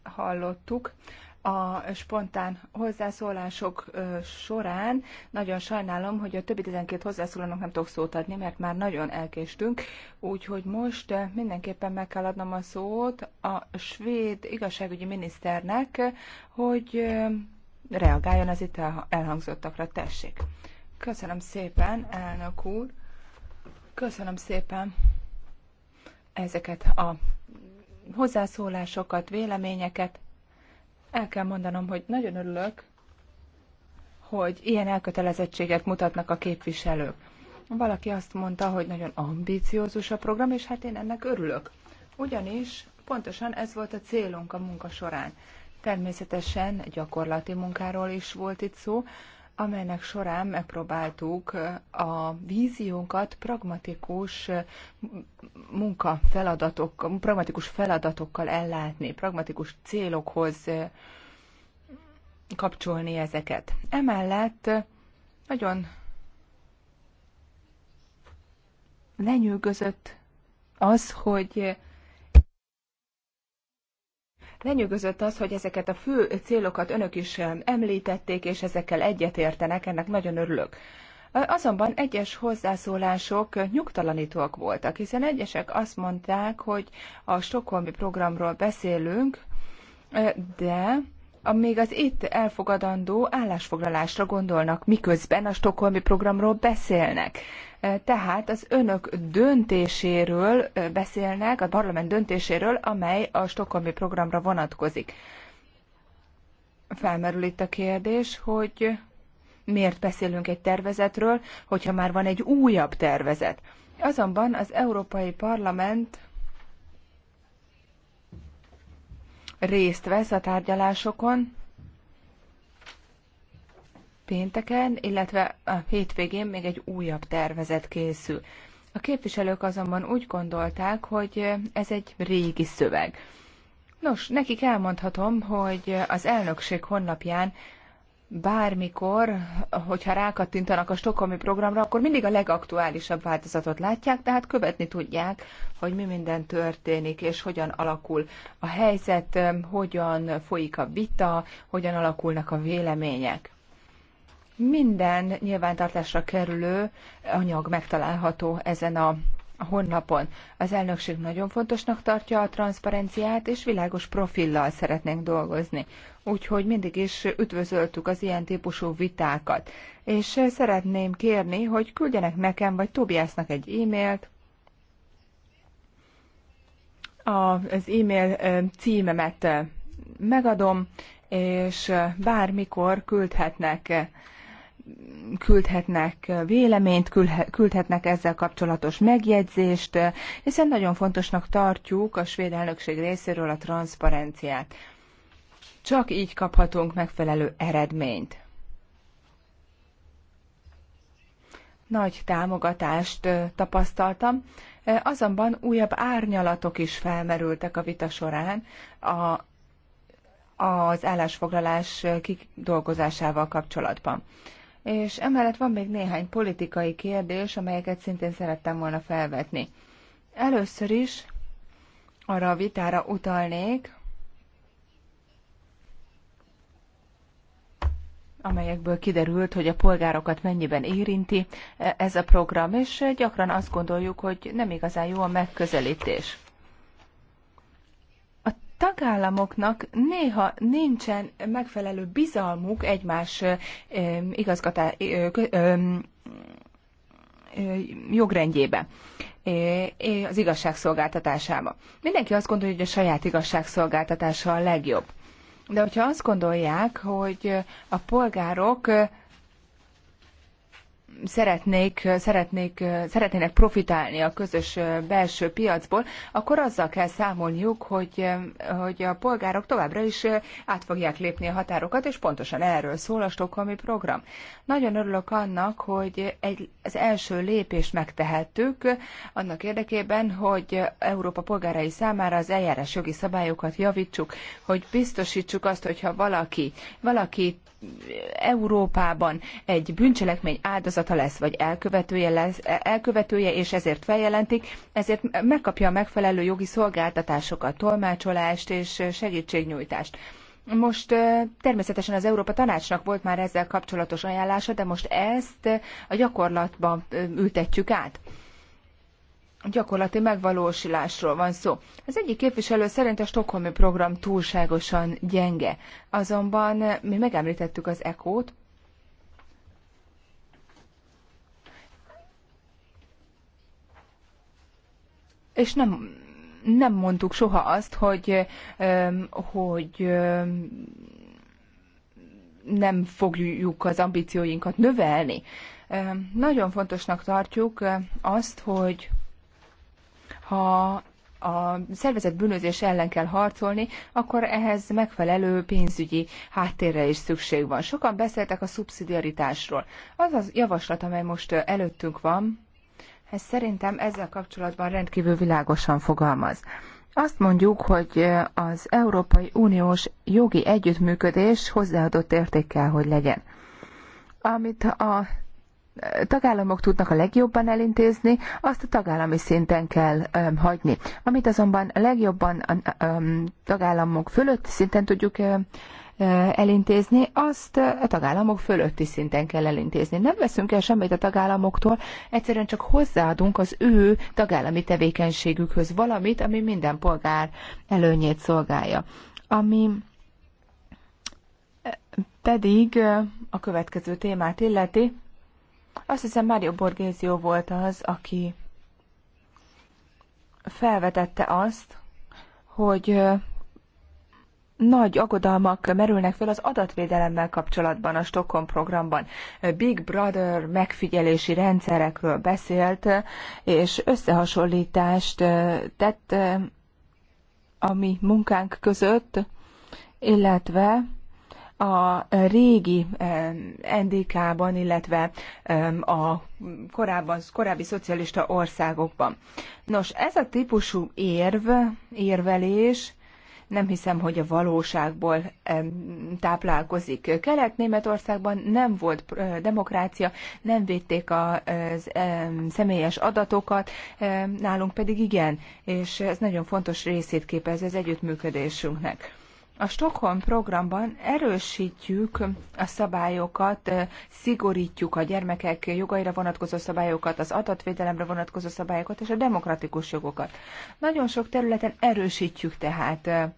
Speaker 6: hallottuk a spontán hozzászólások során. Nagyon sajnálom, hogy a többi 12 hozzászólónak nem tudok szót adni, mert már nagyon elkéstünk. Úgyhogy most mindenképpen meg kell adnom a szót a svéd igazságügyi miniszternek, hogy reagáljon az itt elhangzottakra. Tessék! Köszönöm szépen, elnök úr! Köszönöm szépen ezeket a hozzászólásokat, véleményeket el kell mondanom, hogy nagyon örülök, hogy ilyen elkötelezettséget mutatnak a képviselők. Valaki azt mondta, hogy nagyon ambiciózus a program, és hát én ennek örülök. Ugyanis pontosan ez volt a célunk a munka során. Természetesen gyakorlati munkáról is volt itt szó, amelynek során megpróbáltuk a víziónkat pragmatikus munka feladatok, pragmatikus feladatokkal ellátni, pragmatikus célokhoz kapcsolni ezeket. Emellett nagyon lenyűgözött az, hogy Lenyűgözött az, hogy ezeket a fő célokat önök is eh, említették, és ezekkel egyetértenek, ennek nagyon örülök. Eh, azonban egyes hozzászólások nyugtalanítóak voltak, hiszen egyesek azt mondták, hogy a stokholmi programról beszélünk, eh, de még az itt elfogadandó állásfoglalásra gondolnak, miközben a stokholmi programról beszélnek. Eh, tehát az önök döntéséről eh, beszélnek, a parlament döntéséről, amely a stokholmi programra vonatkozik. Felmerül itt a kérdés, hogy miért beszélünk egy tervezetről, hogyha már van egy újabb tervezet. Azonban az Európai Parlament részt vesz a tárgyalásokon, pénteken, illetve a hétvégén még egy újabb tervezet készül. A képviselők azonban úgy gondolták, hogy ez egy régi szöveg. Nos, nekik elmondhatom, hogy az elnökség honlapján bármikor, hogyha rákattintanak a stokholmi programra, akkor mindig a legaktuálisabb változatot látják, tehát követni tudják, hogy mi minden történik, és hogyan alakul a helyzet, hogyan folyik a vita, hogyan alakulnak a vélemények minden nyilvántartásra kerülő anyag megtalálható ezen a honlapon. Az elnökség nagyon fontosnak tartja a transzparenciát, és világos profillal szeretnénk dolgozni. Úgyhogy mindig is üdvözöltük az ilyen típusú vitákat. És szeretném kérni, hogy küldjenek nekem vagy Tobiasnak egy e-mailt, az e-mail címemet megadom, és bármikor küldhetnek küldhetnek véleményt, küldhetnek ezzel kapcsolatos megjegyzést, hiszen nagyon fontosnak tartjuk a svéd elnökség részéről a transzparenciát. Csak így kaphatunk megfelelő eredményt. Nagy támogatást tapasztaltam, azonban újabb árnyalatok is felmerültek a vita során a, az állásfoglalás kidolgozásával kapcsolatban és emellett van még néhány politikai kérdés, amelyeket szintén szerettem volna felvetni. Először is arra a vitára utalnék, amelyekből kiderült, hogy a polgárokat mennyiben érinti e- ez a program, és gyakran azt gondoljuk, hogy nem igazán jó a megközelítés tagállamoknak néha nincsen megfelelő bizalmuk egymás igazgatá, jogrendjébe, az igazságszolgáltatásába. Mindenki azt gondolja, hogy a saját igazságszolgáltatása a legjobb. De hogyha azt gondolják, hogy a polgárok szeretnék, szeretnék, szeretnének profitálni a közös belső piacból, akkor azzal kell számolniuk, hogy, hogy a polgárok továbbra is át fogják lépni a határokat, és pontosan erről szól a Stockholmi program. Nagyon örülök annak, hogy egy, az első lépést megtehettük annak érdekében, hogy Európa polgárai számára az eljárás jogi szabályokat javítsuk, hogy biztosítsuk azt, hogyha valaki, valakit Európában egy bűncselekmény áldozata lesz, vagy elkövetője, lesz, elkövetője és ezért feljelentik, ezért megkapja a megfelelő jogi szolgáltatásokat, tolmácsolást és segítségnyújtást. Most természetesen az Európa Tanácsnak volt már ezzel kapcsolatos ajánlása, de most ezt a gyakorlatban ültetjük át gyakorlati megvalósulásról van szó. Az egyik képviselő szerint a Stockholmi program túlságosan gyenge. Azonban mi megemlítettük az ECO-t, és nem, nem mondtuk soha azt, hogy, hogy nem fogjuk az ambícióinkat növelni. Nagyon fontosnak tartjuk azt, hogy ha a szervezet bűnözés ellen kell harcolni, akkor ehhez megfelelő pénzügyi háttérre is szükség van. Sokan beszéltek a szubszidiaritásról. Az az javaslat, amely most előttünk van, ez szerintem ezzel kapcsolatban rendkívül világosan fogalmaz. Azt mondjuk, hogy az Európai Uniós jogi együttműködés hozzáadott értékkel, hogy legyen. Amit a tagállamok tudnak a legjobban elintézni, azt a tagállami szinten kell um, hagyni. Amit azonban a legjobban a um, tagállamok fölött szinten tudjuk um, elintézni, azt a tagállamok fölötti szinten kell elintézni. Nem veszünk el semmit a tagállamoktól, egyszerűen csak hozzáadunk az ő tagállami tevékenységükhöz valamit, ami minden polgár előnyét szolgálja. Ami pedig a következő témát illeti, azt hiszem Mário Borgézió volt az, aki felvetette azt, hogy nagy aggodalmak merülnek fel az adatvédelemmel kapcsolatban a Stockholm programban. Big Brother megfigyelési rendszerekről beszélt, és összehasonlítást tett a mi munkánk között, illetve a régi eh, NDK-ban, illetve eh, a korábban, korábbi szocialista országokban. Nos, ez a típusú érv, érvelés, nem hiszem, hogy a valóságból eh, táplálkozik. Kelet-Németországban nem volt demokrácia, nem védték a személyes adatokat, nálunk pedig igen, és ez nagyon fontos részét képezi az együttműködésünknek. A Stockholm programban erősítjük a szabályokat, szigorítjuk a gyermekek jogaira vonatkozó szabályokat, az adatvédelemre vonatkozó szabályokat és a demokratikus jogokat. Nagyon sok területen erősítjük tehát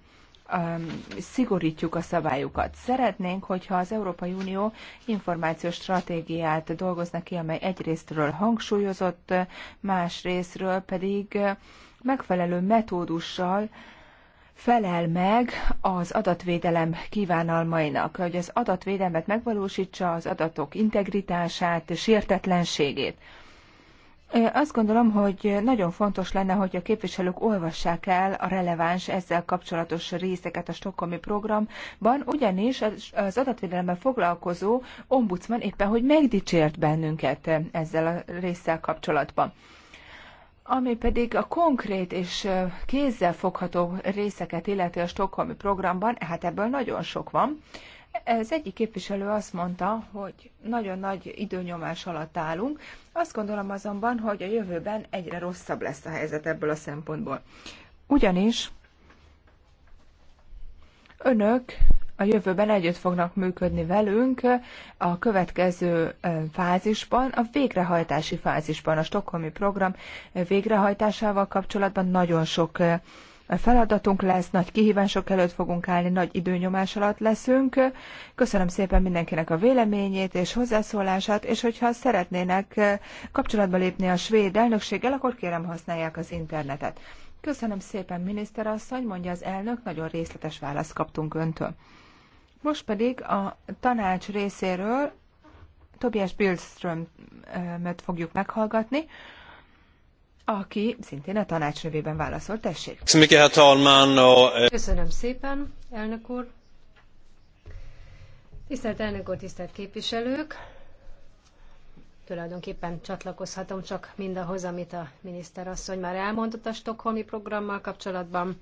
Speaker 6: szigorítjuk a szabályokat. Szeretnénk, hogyha az Európai Unió információs stratégiát dolgozna ki, amely egyrésztről hangsúlyozott, másrésztről pedig megfelelő metódussal felel meg az adatvédelem kívánalmainak, hogy az adatvédelmet megvalósítsa, az adatok integritását, sértetlenségét. Azt gondolom, hogy nagyon fontos lenne, hogy a képviselők olvassák el a releváns ezzel kapcsolatos részeket a stokkomi programban, ugyanis az adatvédelemmel foglalkozó ombudsman éppen, hogy megdicsért bennünket ezzel a résszel kapcsolatban ami pedig a konkrét és fogható részeket illeti a stokholmi programban, hát ebből nagyon sok van. Az egyik képviselő azt mondta, hogy nagyon nagy időnyomás alatt állunk. Azt gondolom azonban, hogy a jövőben egyre rosszabb lesz a helyzet ebből a szempontból. Ugyanis önök a jövőben együtt fognak működni velünk a következő fázisban, a végrehajtási fázisban. A Stockholmi program végrehajtásával kapcsolatban nagyon sok feladatunk lesz, nagy kihívások előtt fogunk állni, nagy időnyomás alatt leszünk. Köszönöm szépen mindenkinek a véleményét és hozzászólását, és hogyha szeretnének kapcsolatba lépni a svéd elnökséggel, akkor kérem használják az internetet. Köszönöm szépen, miniszterasszony, mondja az elnök, nagyon részletes választ kaptunk öntől. Most pedig a tanács részéről Tobias Billströmet fogjuk meghallgatni, aki szintén a tanács nevében válaszol. Tessék!
Speaker 1: Eh, Köszönöm
Speaker 5: szépen, elnök úr! Tisztelt elnök úr, tisztelt képviselők! Tulajdonképpen csatlakozhatom csak mindahhoz, amit a miniszter asszony már elmondott a Stockholmi programmal kapcsolatban.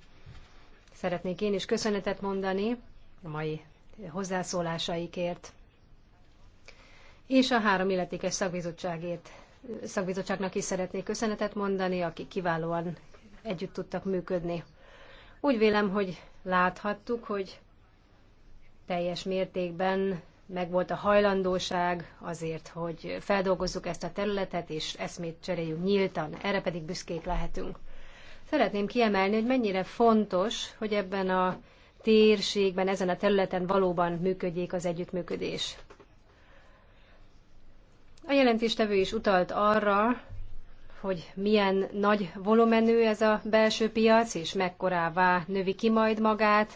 Speaker 5: Szeretnék én is köszönetet mondani a mai hozzászólásaikért, és a három illetékes szakbizottságért, szakbizottságnak is szeretnék köszönetet mondani, akik kiválóan együtt tudtak működni. Úgy vélem, hogy láthattuk, hogy teljes mértékben megvolt a hajlandóság azért, hogy feldolgozzuk ezt a területet, és eszmét cseréljük nyíltan. Erre pedig büszkék lehetünk. Szeretném kiemelni, hogy mennyire fontos, hogy ebben a térségben, ezen a területen valóban működjék az együttműködés. A jelentéstevő is utalt arra, hogy milyen nagy volumenű ez a belső piac, és mekkorává növi ki majd magát,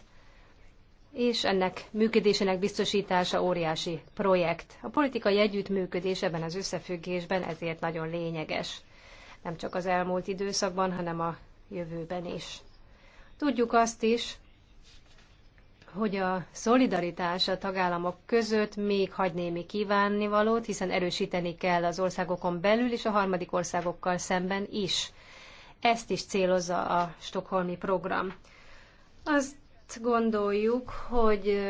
Speaker 5: és ennek működésének biztosítása óriási projekt. A politikai együttműködés ebben az összefüggésben ezért nagyon lényeges. Nem csak az elmúlt időszakban, hanem a jövőben is. Tudjuk azt is, hogy a szolidaritás a tagállamok között még hagy némi kívánnivalót, hiszen erősíteni kell az országokon belül és a harmadik országokkal szemben is. Ezt is célozza a stokholmi program. Azt gondoljuk, hogy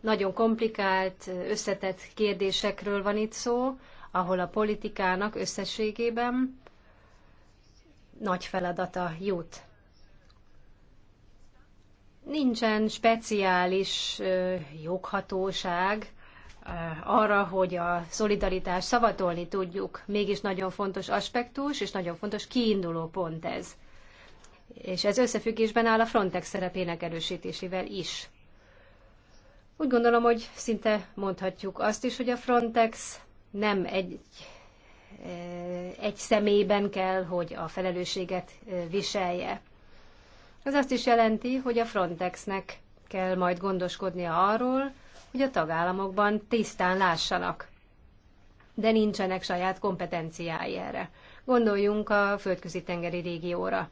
Speaker 5: nagyon komplikált, összetett kérdésekről van itt szó, ahol a politikának összességében nagy feladata jut nincsen speciális joghatóság arra, hogy a szolidaritást szavatolni tudjuk. Mégis nagyon fontos aspektus, és nagyon fontos kiinduló pont ez. És ez összefüggésben áll a Frontex szerepének erősítésével is. Úgy gondolom, hogy szinte mondhatjuk azt is, hogy a Frontex nem egy, egy személyben kell, hogy a felelősséget viselje. Ez azt is jelenti, hogy a Frontexnek kell majd gondoskodnia arról, hogy a tagállamokban tisztán lássanak. De nincsenek saját kompetenciái erre. Gondoljunk a földközi tengeri régióra.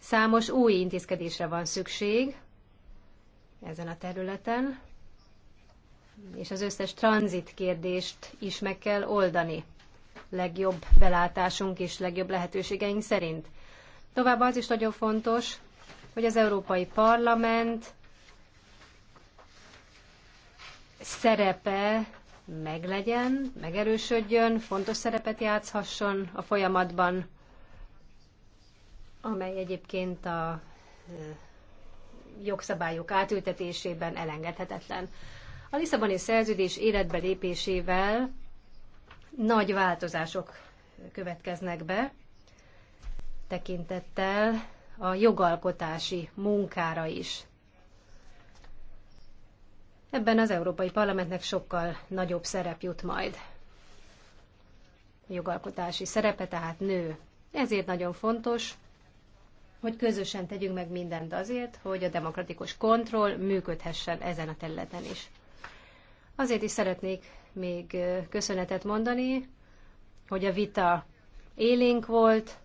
Speaker 5: Számos új intézkedésre van szükség ezen a területen, és az összes tranzit kérdést is meg kell oldani legjobb belátásunk és legjobb lehetőségeink szerint. Továbbá az is nagyon fontos, hogy az Európai Parlament szerepe meglegyen, megerősödjön, fontos szerepet játszhasson a folyamatban, amely egyébként a e, jogszabályok átültetésében elengedhetetlen. A Lisszaboni szerződés életbe lépésével nagy változások következnek be, tekintettel a jogalkotási munkára is. Ebben az Európai Parlamentnek sokkal nagyobb szerep jut majd. A jogalkotási szerepe tehát nő. Ezért nagyon fontos, hogy közösen tegyünk meg mindent azért, hogy a demokratikus kontroll működhessen ezen a területen is. Azért is szeretnék még köszönetet mondani, hogy a vita élénk volt,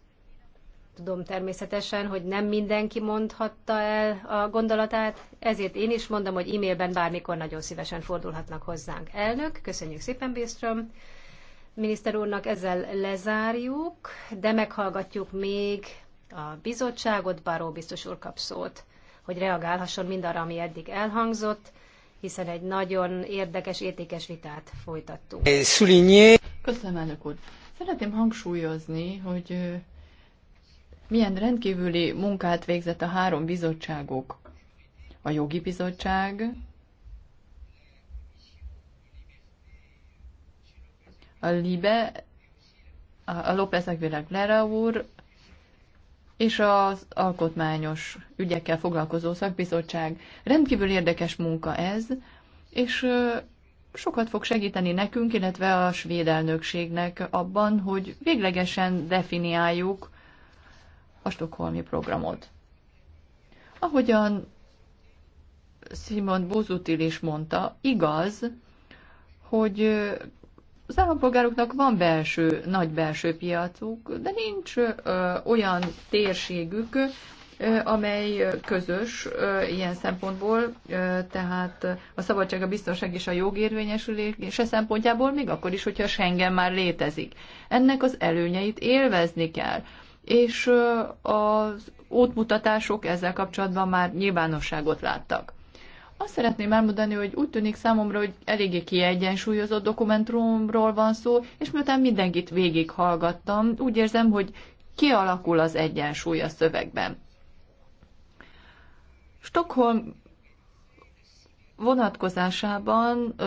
Speaker 5: tudom természetesen, hogy nem mindenki mondhatta el a gondolatát, ezért én is mondom, hogy e-mailben bármikor nagyon szívesen fordulhatnak hozzánk. Elnök, köszönjük szépen, Béström. Miniszter úrnak ezzel lezárjuk, de meghallgatjuk még a bizottságot, Baró biztos úr kap szót, hogy reagálhasson mindarra, ami eddig elhangzott, hiszen egy nagyon érdekes, értékes vitát folytattunk. Köszönöm, elnök úr. Szeretném
Speaker 7: hangsúlyozni, hogy milyen rendkívüli munkát végzett a három bizottságok: A jogi bizottság, a Libe, a López Aguilar Lera úr, és az alkotmányos ügyekkel foglalkozó szakbizottság. Rendkívül érdekes munka ez, és sokat fog segíteni nekünk, illetve a svéd elnökségnek abban, hogy véglegesen definiáljuk a stokholmi programot. Ahogyan Simon Bozutil is mondta, igaz, hogy az állampolgároknak van belső, nagy belső piacuk, de nincs ö, olyan térségük, ö, amely közös ö, ilyen szempontból, ö, tehát a szabadság, a biztonság és a jogérvényesülése szempontjából, még akkor is, hogyha Schengen már létezik. Ennek az előnyeit élvezni kell és az útmutatások ezzel kapcsolatban már nyilvánosságot láttak. Azt szeretném elmondani, hogy úgy tűnik számomra, hogy eléggé kiegyensúlyozott dokumentumról van szó, és miután mindenkit végighallgattam, úgy érzem, hogy kialakul az egyensúly a szövegben. Stockholm vonatkozásában ö,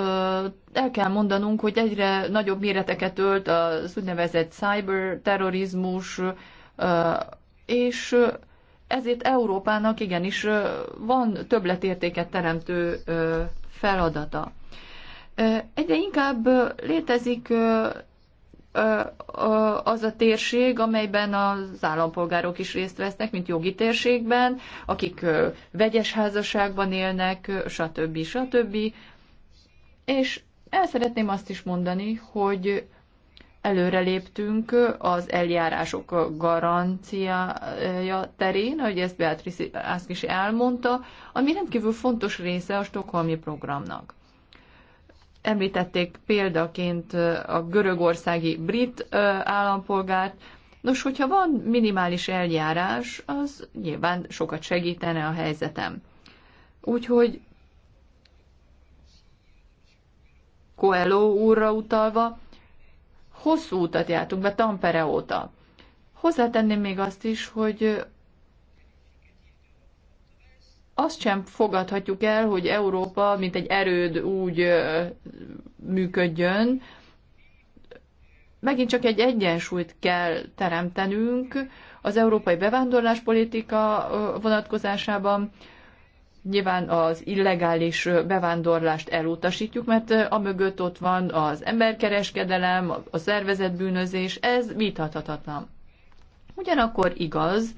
Speaker 7: el kell mondanunk, hogy egyre nagyobb méreteket ölt az úgynevezett cyberterrorizmus, és ezért Európának igenis van többletértéket teremtő feladata. Egyre inkább létezik az a térség, amelyben az állampolgárok is részt vesznek, mint jogi térségben, akik vegyes házasságban élnek, stb. stb. És el szeretném azt is mondani, hogy előreléptünk az eljárások garanciája terén, hogy ezt Beatrice Ászk is elmondta, ami rendkívül fontos része a stokholmi programnak. Említették példaként a görögországi brit állampolgárt. Nos, hogyha van minimális eljárás, az nyilván sokat segítene a helyzetem. Úgyhogy Coelho úrra utalva, hosszú utat jártunk be Tampere óta. Hozzátenném még azt is, hogy azt sem fogadhatjuk el, hogy Európa, mint egy erőd úgy működjön. Megint csak egy egyensúlyt kell teremtenünk az európai bevándorláspolitika vonatkozásában, Nyilván az illegális bevándorlást elutasítjuk, mert a mögött ott van az emberkereskedelem, a szervezetbűnözés, ez vitathatatlan. Ugyanakkor igaz,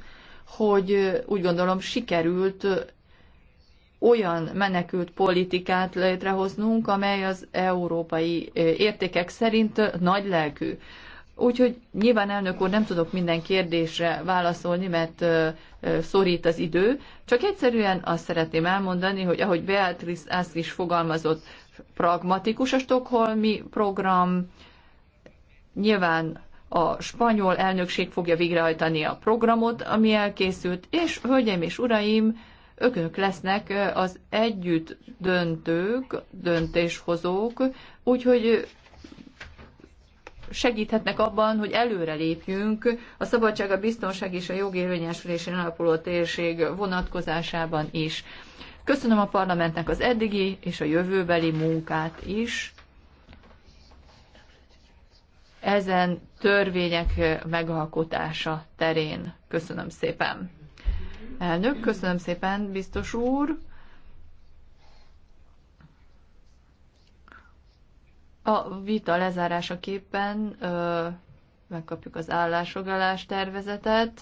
Speaker 7: hogy úgy gondolom sikerült olyan menekült politikát létrehoznunk, amely az európai értékek szerint nagy lelkű. Úgyhogy nyilván elnök úr nem tudok minden kérdésre válaszolni, mert szorít az idő. Csak egyszerűen azt szeretném elmondani, hogy ahogy Beatrice azt is fogalmazott, pragmatikus a stokholmi program, nyilván a spanyol elnökség fogja végrehajtani a programot, ami elkészült, és hölgyeim és uraim, ökök lesznek az együtt döntők, döntéshozók, úgyhogy segíthetnek abban, hogy előre lépjünk a szabadság, a biztonság és a jogérvényesülésén alapuló térség vonatkozásában is. Köszönöm a parlamentnek az eddigi és a jövőbeli munkát is. Ezen törvények megalkotása terén. Köszönöm szépen. Elnök, köszönöm szépen, biztos úr. A vita lezárásaképpen ö, megkapjuk az állásfoglalás tervezetet.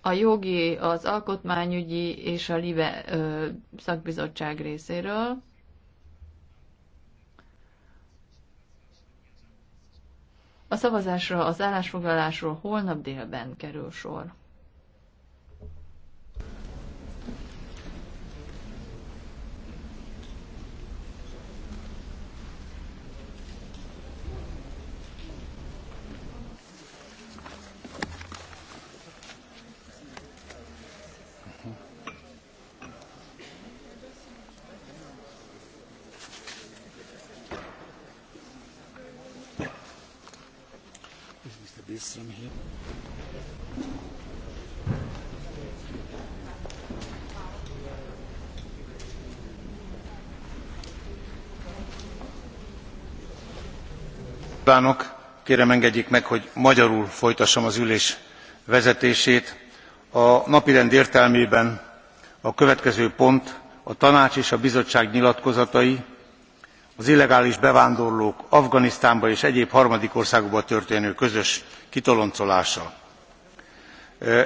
Speaker 7: A jogi, az alkotmányügyi és a LIBE ö, szakbizottság részéről. A szavazásra az állásfoglalásról holnap délben kerül sor.
Speaker 4: kvánok! kérem engedjék meg hogy magyarul folytassam az ülés vezetését. a napirend értelmében
Speaker 2: a következő pont a tanács és a bizottság nyilatkozatai az illegális bevándorlók afganisztánba és egyéb harmadik országokba történő közös kitoloncolása.